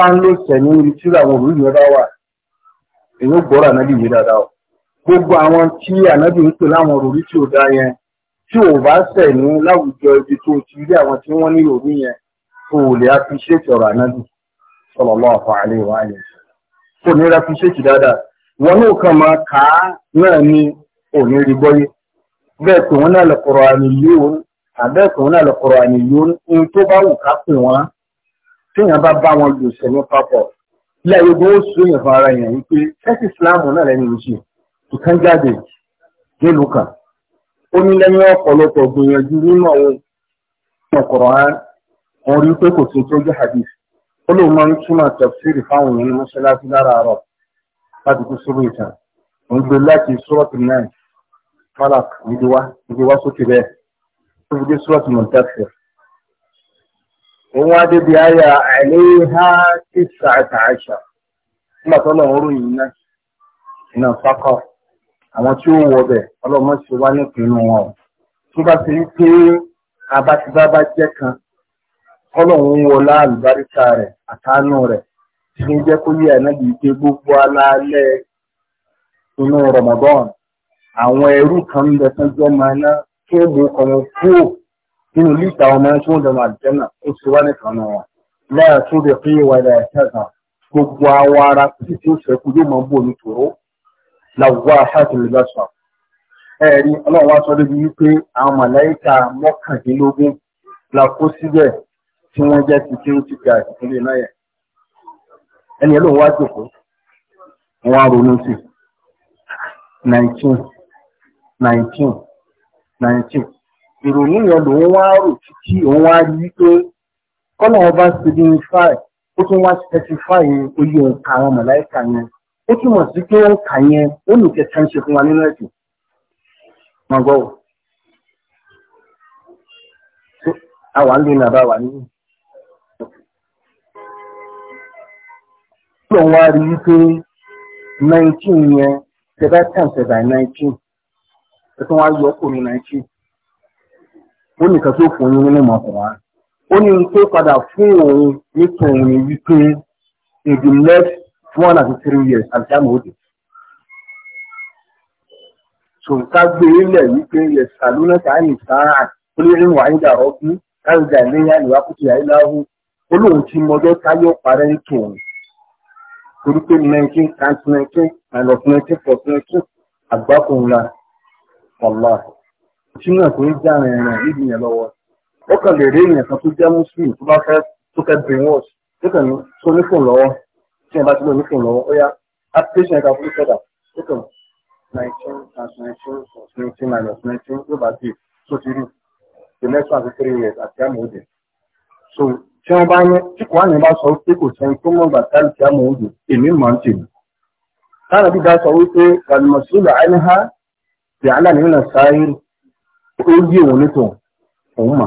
bá ń gbogbo àwọn tí ànábì ń pè láwọn tí ò tí ò bá sẹ̀nú láwùjọ ibi tó ti rí àwọn tí wọ́n ní òní yẹn kò lè appreciate ọ̀rọ̀ ànábì sallallahu alaihi wa alihi kò ní appreciate dáadáa wọn náà kàn máa kà á náà ní òní rí gbọ́yé bẹ́ẹ̀ pé wọ́n náà lè kọ̀rọ̀ àmì yóò àbẹ́ẹ̀kọ̀ náà lè kọ̀rọ̀ àmì yóò ohun tó bá wù ká pè wọ́n téèyàn bá bá wọn lò sẹ́nu papọ̀ ilé ayé sún èèyàn fún ara yẹn wípé ṣẹ́ẹ̀sì Islam náà lẹ́nu ìṣe ìkànjáde nílùú kan ó ní ọkọlọtọ ọ̀pọ̀lọpọ̀ gbìyànjú mímọ̀ òun ọ̀kọ̀rọ̀ á wọ́n pé kò sí tó hadith ó lóun máa ń túmọ̀ tafsiri fáwọn èèyàn mọ́ṣáláṣí láràárọ̀ láti kú sórí ìtàn òun gbé láti sọ́ọ̀tì náà níbi wá níbi wá sókè bẹ́ẹ̀ tó fi dé sọ́ọ̀tì òun àwọn tí ó wọ bẹ̀ ọlọ́mọ ṣe wá nípinnu wọn o tó bá ti rí pé abátibábá jẹ́ kan ọlọ́run wọlá àlùbáríkà rẹ̀ àtàánú rẹ̀ tí ń jẹ́ kó yé ànábì pé gbogbo alálẹ̀ inú Ramadan àwọn ẹrú kan ń bẹ tán jẹ́ máa ná kí ó bu ọmọ kúrò nínú lítà ọmọ tí wọ́n dẹ̀mọ̀ àdìjẹ́nà ó ti wá nìkan náà wọn lẹ́yà tó bẹ̀ pé ìwà ìdá ẹ̀ṣẹ̀ kan gbogbo awọ ara títí ó ṣẹ́kù yóò máa bò ní tòró làwọ̀ àṣàtìlú lọ́sọ̀ ẹ̀rí ọlọ́run wá sọ débi wípé àwọn màláìka mọ́kàndínlógún la kó síbẹ̀ tí wọ́n jẹ́ ti kí ó ti ga ìpínlẹ̀ náà yẹn ẹni ẹ̀ ló wá jòkó wọ́n á ronú sí nineteen nineteen nineteen ìrònú yẹn lòun wá rò títí òun wá rí pé kọ́nà ọba ṣe bí five ó tún wá specify oye òǹkà àwọn màláìka yẹn ó túmọ̀ sí pé ó kà yẹn olùkẹta ń ṣe fún wa nínú ẹ̀sìn máa gbọ́ àwa ń lè nà bá wà nínú. Ó lọ wá rí i pé nineteen yẹn seven times by nineteen ẹ tún o yọ kò ní nineteen ó nìkan tó fún yín in fún one àti three years àti àmọ́ òde. Sòǹkà gbé ilẹ̀ e wípé yẹ sàlúnà káàní sáà olórin wàhídà ọdún káàdà léyà ìwákùtù àìláhù olóhùn ti mọjọ́ táyọ̀ parẹ́ ń tòun. Torí nineteen times nineteen and of nineteen plus nineteen àgbákùnrin ọ̀la. Tí náà kò ń já ẹ̀ràn níbi yẹn lọ́wọ́. Ó kàn lè rí èèyàn kan tó jẹ́ Mùsùlùmí tó bá fẹ́ tí ẹ bá ti lọ ní fún ìnáwó ó yá application ẹ̀ka fún sọ́dà ó nineteen plus nineteen plus nineteen minus nineteen yóò bá ti tó ti rí the next one to three years àti àmóde so tí wọ́n bá ní tí kò wáyé bá sọ pé kò sẹ́ni tó mọ̀ gbà táyì tí àmóde èmi mọ̀ ń tèmi táwọn àbí bá sọ wípé alimọ̀sílẹ̀ àìníhà ti àlàní nínú sáyé ó yí òun nítòun òun mà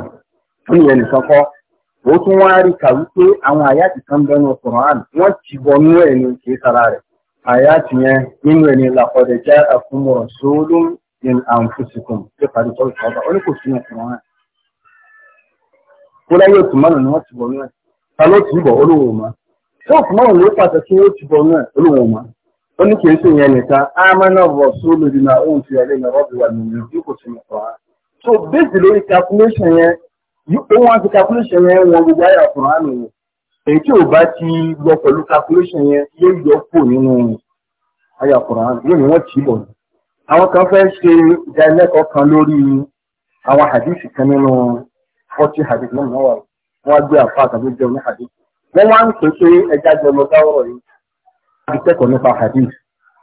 ó nìyẹn nìkan kọ́ otu tún ka rí kà wípé àwọn àyàtì kan bẹnu Qur'an wọ́n ti wọnú ẹ̀ ní kì í sara yẹn nínú ẹ̀ ní laqad ja'akum rasulun min anfusikum ṣé parí tọ́lù sọ́ọ́bà ní kò sínú Qur'an. ni wọ́n ti wọnú ta ló ti bọ̀ olówó ma ṣé òtúmọ̀nù ló pàṣẹ kí ó ti wọnú ẹ̀ olówó ma ó ní kì í sìn yẹn nìkan amana rasulu òun àti calculation yẹn wọn gbogbo àyà kùránù ni èyí tí ò bá ti lọ pẹ̀lú calculation yẹn yóò yọ kù nínú àyà kùránù yóò ní wọ́n tì í bọ̀ ní. àwọn kan fẹ́ ṣe ìdánilẹ́kọ̀ọ́ kan lórí àwọn hadith kan nínú forty hadith lọ́nà wà wọ́n gbé àpá àtàbí jẹun ní hadith. wọ́n wá ń pè pé ẹja jẹun dáwọ̀rọ̀ yìí láti kẹ́kọ̀ọ́ nípa hadith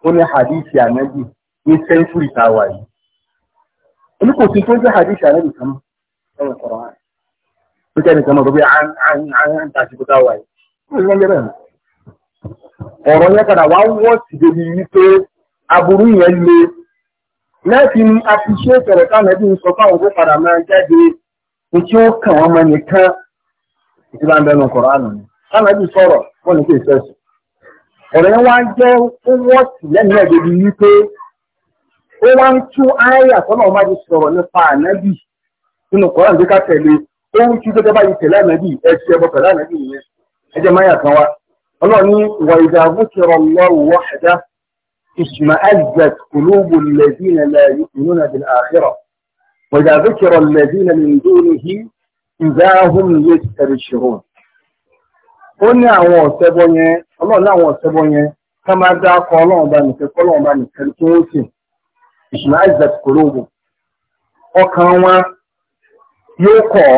ó ní hadith ànábì ní sẹ́ńtúrì táwa yìí. oníkòsí tó ń jẹ́ hadith ànábì kan náà tó kẹ́ni kan mọ̀ tó bí àárín tàṣíkò táwà yìí ọ̀rọ̀ yẹn padà wá wọ́ sí débi wípé aburú yẹn le láti ní a ti ṣe ìfẹ̀rẹ̀ káàmì ẹbí ń sọ fáwọn owó padà máa jáde ní tí ó kàn wọ́n mọ nìkan ìtí bá ń bẹnu kọ̀rọ̀ àná ni káàmì ẹbí sọ̀rọ̀ wọ́n ní kí n fẹ́sùn ó ń tú gẹ́gẹ́ báyìí tẹ̀lé ànábì ẹ̀ṣẹ̀ ẹbọ pẹ̀lú ànábì yẹn ẹjẹ máyà kan wá ọlọ́run ní wà ìdá àbúkẹ́rọ lọ́wọ́ wahda ìṣùnà azat kùlùbù lẹ́dínà lẹ́yìn ìlú nàbìlà àkhirah wà ìdá àbúkẹ́rọ lẹ́dínà lẹ́dínà ìdáhùn yé ẹ̀rìṣirò. ó ní àwọn ọ̀sẹ̀bọ yẹn ọlọ́run ní àwọn ọ̀sẹ̀bọ yẹn ká máa dá akọ ọlọ́run bá nìkan yóò kọ́ ọ́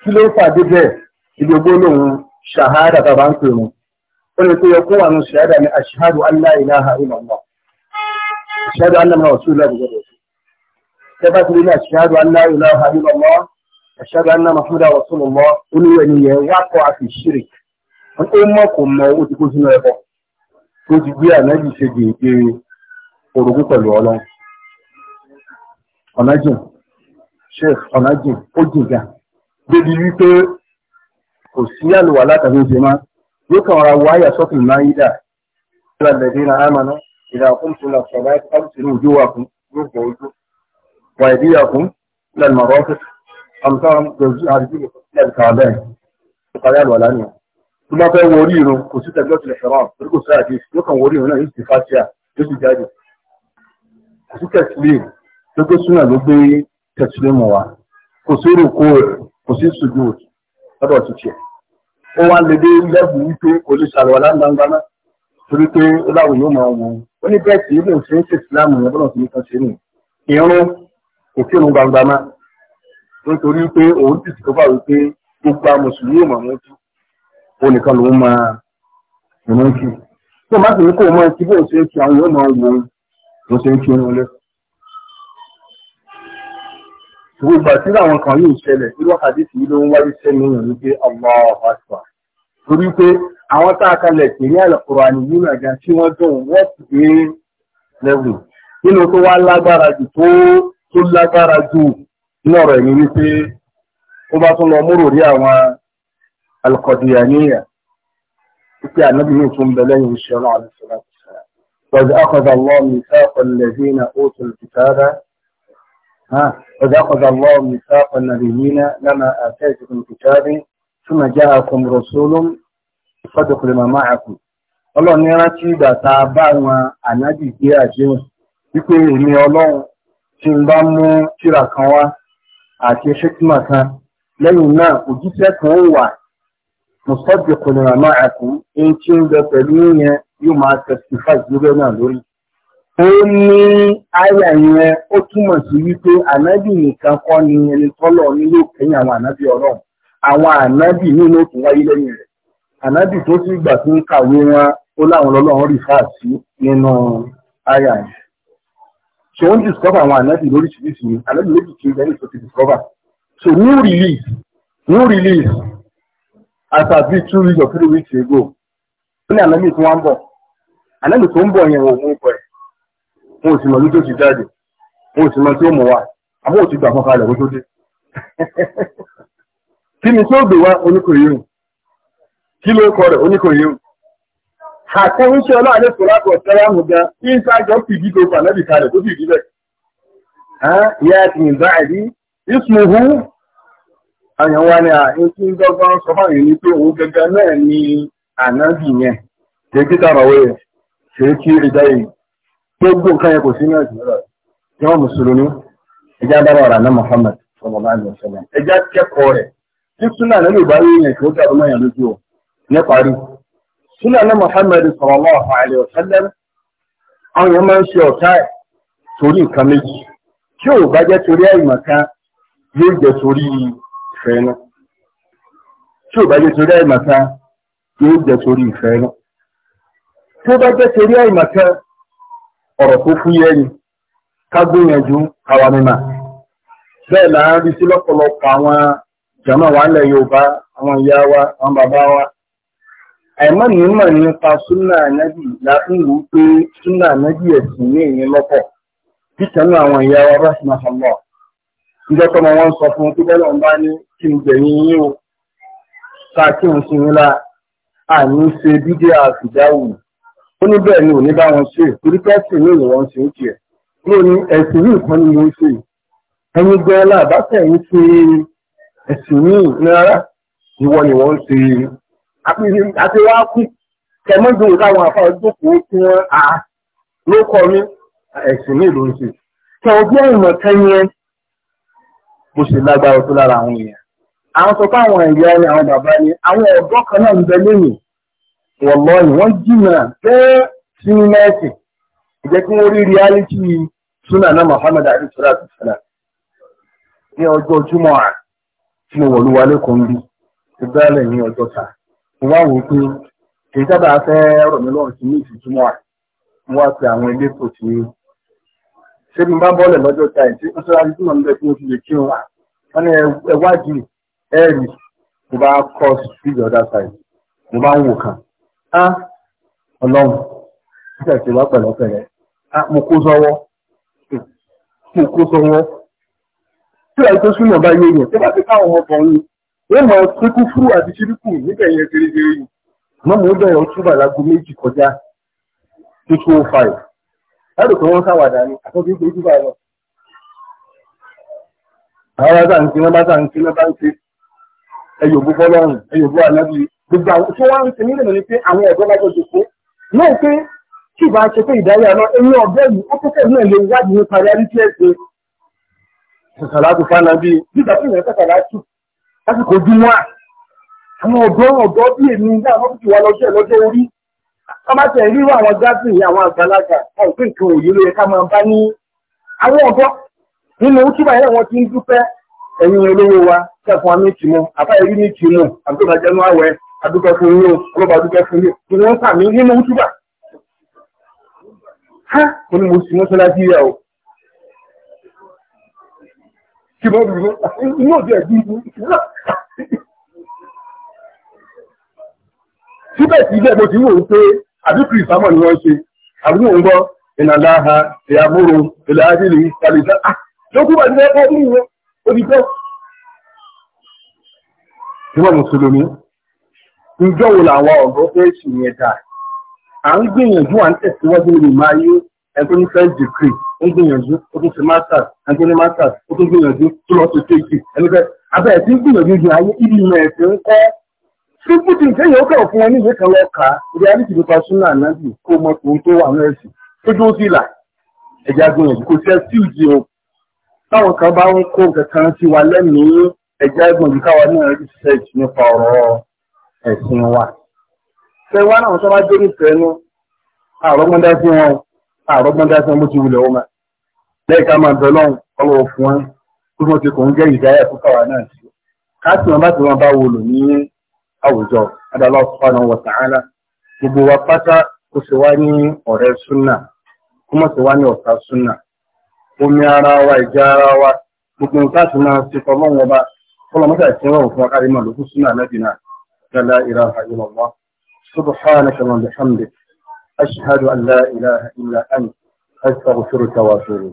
kí ló fàdé bẹ́ẹ̀ ibi gbólóhùn ṣàhádà tàbá ń pè wọn ó lè tó yẹ kó àwọn ṣàhádà ní ashhadu an la ilaha illallah ashhadu anna muhammadan rasulullah gbogbo rẹ̀ ṣe bá ti rí ní ashhadu an la ilaha illallah ashhadu anna muhammadan rasulullah olúwẹ̀ ni yẹn wá kọ́ àfi ṣírì ó mọ̀ kò mọ ó ti kó sínú ẹbọ tó ti débi wípé kò sí àlùwà látàrí oṣù máa yóò kàn ra wáyà sọ́kùnrin máa yí dà nígbà lẹ́bí náà àmàna ìlà ọkùnrin tó lọ sọ̀rọ̀ láti káàkiri sínú ojú wa fún yóò pọ̀ ojú wà ìdí yà fún lẹ́nu mọ̀rọ̀ ọ́fíìsì àmì táwọn gbèsè àdìjú lẹ́nu kàwá bẹ́ẹ̀ ìparí àlùwà lánìí tó bá fẹ́ wọrí irun kò sí tẹ̀lé ọ̀tún ẹ̀fẹ̀rán torí kò sí àdé yóò kàn wọrí irun náà yóò sì fásíà yóò sì jáde kò sí tẹ̀sílẹ̀ tó gbé súnà ló gbé tẹ̀sílẹ̀ mọ̀ wá kò sí rò rẹ̀ kò sí sùjúd lọ́dọ̀ ti tiẹ̀ ó wá lè dé lẹ́bù wípé kò lè ṣàlùwàlá gbangbaná torí pé ó láwọn yóò máa wọ ó ní bẹ́ẹ̀ tí ilé òṣèré ṣe ìsìlámù yẹn bọ́lá òṣèré kan ṣe nù irun kò kírun gbangbamá nítorí pé òun ti sì tó bá wípé gbogbo amùsùlùmí yóò máa mójú ó nìkan lòún máa ìrún kí tó má sì ní kó o máa ti bóun ṣe é kí àwọn yóò máa wọ òun ṣe é kí irun lẹ́sùn gbogbo àti àwọn kan yóò ṣẹlẹ̀ irú àdìsí yìí ló ń wáyé sẹ́nu yàn ní pé Allahu Akbar torí pé àwọn tá a kalẹ̀ pè ní Al-Qur'ani nínú àga tí wọ́n dùn wọ́n ti dé lẹ́wù nínú tó wá lágbára jù tó tó lágbára jù nínú ọ̀rọ̀ ẹ̀mí wípé ó bá tún lọ múrò rí àwọn Al-Qadiriyya wípé ànábì ní ìtún bẹ lẹ́yìn iṣẹ́ ọlọ́run àti sọ́lá. وإذ أخذ ها وإذ أخذ الله ميثاق النبيين لما آتيتكم كتابي ثم جاءكم رسول صدق لما معكم ọlọ́run ní rántí ìgbà tá a bá wọn ànábì gbé àdéhùn wípé èmi ọlọ́run tí ń bá mú tírà kan wá àti ṣẹ́kímà kan lẹ́yìn náà òjíṣẹ́ kan ó wà mùsọ́dì kò ní ràmá àkùn èyí tí ń bẹ pẹ̀lú yẹn yóò máa tẹ̀sífà ìdúró náà lórí ó ní àyà yẹn ó túmọ̀ sí wípé ànábì nìkan kọ́ ni ẹni tọ́lọ̀ awon yóò kẹ́yìn àwọn ànábì ọlọ́run àwọn ànábì nínú òkú wáyé lẹ́yìn rẹ̀ ànábì tó sì gbà tó ń kàwé wọn ó láwọn ọlọ́run rí fáà sí nínú yẹn so discover àwọn ànábì lóríṣiríṣi ànábì ti discover so new release new release as or three weeks ago ó ní ànábì tó wá ń bọ̀ ànábì tó ń bọ̀ yẹn wọn ò sì mọ̀ ní tó ti jáde wọn ò sì mọ̀ tí ó mọ̀ wá àmọ́ ò ti gbà fún kalẹ̀ kó tó dé. kí ni tí ó gbé wá oníkòyéhùn kí ló kọ rẹ̀ oníkòyéhùn. àtẹ oúnjẹ ọlọ́àdé sọ̀rọ̀ ọ̀tẹ́rẹ́ àmì gan ní fìdí tó fà kalẹ̀ tó fìdí ti ń bá àyàn wa ni àyè tí ń dọ́gbọ́n sọ fáwọn ènìyàn pé òun gẹ́gẹ́ náà gbogbo nǹkan yẹn kò sí ní ọ̀sìn rẹ̀ yọ mùsùlùmí ẹjá dára ọ̀rọ̀ àná Muhammad sallallahu alaihi wasallam ẹjá kẹ́kọ̀ọ́ rẹ̀ tí súnà náà lè bá rí yẹn kí ó dàrú mọ́ yẹn lójú o ní parí súnà náà Muhammad sallallahu alaihi wasallam àwọn yẹn máa ń ṣe ọ̀tá ẹ̀ torí nǹkan méjì tí ò bá jẹ́ torí àìmọ̀ yóò jẹ́ torí ìfẹ́ náà tí ò bá jẹ́ torí àìmọ̀ yóò jẹ́ torí ìfẹ́ náà tí ó bá jẹ́ torí àìmọ̀ kan ọ̀rọ̀ tó yi ni ká gbìyànjú àwa mímà bẹ́ẹ̀ là ń rí sí lọ́pọ̀lọpọ̀ àwọn jàmá wa ilẹ̀ Yorùbá àwọn ìyá wa àwọn bàbá wa àìmọ́ nímọ̀ nípa súnà nábì láfíìlú pé súnà nábì ẹ̀sìn ní ìyẹn lọ́pọ̀ bíkanú àwọn ìyá wa bá sì máa wọn sọ fún bá ní kí n gbẹ̀yìn yín o ká kí n sinmi ó ní bẹ́ẹ̀ ni ò bá wọn ṣe torí pẹ́sì ní ìwọ̀n ṣe ń tiẹ̀ ló ní ẹ̀sìn yìí kan ni mo ṣe ẹni gan láàbáṣẹ̀ ń ṣe ẹ̀sìn yìí rárá ìwọ ni wọ́n ṣe àti wá kú kẹmọ́dún káwọn àfa ìjókòó tí wọ́n á ló kọ́ mi ẹ̀sìn ní ìlú ń ṣe kẹ ọjọ́ ìmọ̀ kẹ́yìn bó ṣe lágbára tó lára àwọn èèyàn àwọn sọ pé àwọn ẹ̀yà ni àwọn bàbá ni àwọn ọ̀dọ́ kan náà ń bẹ lónìí wọ̀lọ́ ìwọ́n jìnà fẹ́ sínú mẹ́ẹ̀sì ìjẹ́ kí wọ́n rí reality súnà náà Muhammad àríṣọ́lá ti sọ́lá ní ọjọ́ júmọ́ à tí mo wọ̀lú wa lẹ́kọ̀ọ́ ń bí ìgbàlẹ̀ ní ọjọ́ ta mo wá wò pé kì í sábà fẹ́ rọ̀ mí lọ́rùn sí ní ìfìjúmọ́ à mo wá pe àwọn elétò tí ṣé mo bá bọ́ọ̀lẹ̀ lọ́jọ́ ta ẹ̀ tí ó sọ́ra ní túmọ̀ níbẹ̀ tí mo ti lè kí wọn ẹwádìí ẹ̀rì mo bá cross to the side mo bá ń wò kàn á ah, ọlọ́run nígbà tí wá pẹ̀lọ́pẹ̀lẹ́ á ah, mo kó sọ́wọ́ mo kó sọ́wọ́ tí àìtó súnmọ̀ bá yé yẹn tí wọ́n ti káwọn ọkùnrin wọ́n mọ kíkú fúrú àti ṣíríkù níbẹ̀ yẹn gẹ́gẹ́rẹ́ yìí mọ́ mo bẹ̀rẹ̀ ọtúbà lágo méjì kọjá two two oh five láti pé wọ́n sáwàdà ni àtọ́jú pé túbà lọ. àwọn bá ń ṣe wọ́n bá ń ṣe ẹ̀yọ̀ bú fọ́lọ́run ẹ̀yọ̀ bú anábìyí gbogbo àwọn tí wọ́n ń ṣe nílẹ̀ ní pé àwọn ọ̀dọ́ lájọ́ jòkó náà pé tí ìbá ṣe pé ìdarí àná ẹni ọ̀dọ́ yìí ó tókẹ́ náà lè wádìí nípa reality ẹ̀sẹ̀ sàlátù fánà bíi nígbà tí ìrẹsẹ̀ sàlátù lásìkò júmọ́ à àwọn ọ̀dọ́ ọ̀dọ́ bí èmi náà wọ́n ti wá lọ́jọ́ lọ́jọ́ orí wọ́n bá tẹ̀ rírọ àwọn gásìn àwọn àgbàlagbà àwọn pé nǹkan òye ló yẹ ká máa bá ní àwọn ọ̀dọ́ nínú túbà yẹn wọ́n ti ń dúpẹ́ ẹ̀yin olówó wa kẹ́kọ̀ọ́ ní tìmọ̀ àbáyé rí ní tìmọ̀ àbúrò àjẹmọ́ àwẹ̀ adúpẹ́ fún yín o ọlọ́ba adúpẹ́ fún yín ni wọ́n ń sàmì nínú wútúbà ha mo ní mo sì mọ́ sọ́lájú yà o kí mo rí inú òbí ẹ̀dí ìlú síbẹ̀ sí ilé mo ti wò ó pé àdúkù ìfámọ̀ ni wọ́n ṣe àdúgbò ń gbọ́ ìnàláha ìyàmúrò ìlàájìlì ìtàlẹ̀sà ah! lókùnbà ní ẹgbẹ́ ọdún ìwọ̀n ó ti tẹ́ ìwọ̀n mùsùlùmí ìjọ wo làwọn ọ̀dọ́ fẹ́ ṣì yẹn dà à ń gbìyànjú à ń tẹ̀síwájú lórí máa yó ẹni tó ní first degree ó ń gbìyànjú ó tún ṣe masters ẹni tó ní masters ó tún gbìyànjú tó lọ ṣe kéèkì ẹni fẹ́ abẹ́ ẹ̀sìn gbìyànjú ju ayé ibi ìmọ̀ ẹ̀sìn ń kọ́ sípò tí nǹkan yóò kọ̀ fún wọn ní ìwé kan lọ kà á ìdí àdìsí nípa súnà ànábì kó mọ tòun tó wà ní ẹ̀sìn tó dúró sí ìlà ẹ̀jẹ̀ agbóyànjú kò ṣe sí ìdí o táwọn kan bá ń kó nǹkan sí wa lẹ́mìí ẹ̀jẹ̀ agbóyànjú káwa náà rí ṣẹ́ẹ̀tì nípa ọ̀rọ̀ ẹ̀sìn wa ṣe wọn àwọn tó bá dé nífẹ̀ẹ́ nu àrọ́gbọ́ndá sí wọn àrọ́gbọ́ndá sí wọn bó ti wulẹ̀ wọn ma lẹ́yìn ká máa bẹ̀rẹ̀ lọ́hùn ọlọ́wọ́ fún wọn kí wọ́n ti kò ń jẹ́ ìdáyà fún náà sí wọn bá ti wọn bá wò lò gbogbo wa pátá kó wá ní ọ̀rẹ́ súnà kó mọ̀ omi ara wa ìjà ara wa gbogbo nǹkan àti máa ṣe fọlọ́mọ́sà ìṣẹ́wọ̀n fún lókùn súnà لا إله إلا الله سبحانك وبحمدك أشهد أن لا إله إلا أنت أستغفرك وأتوب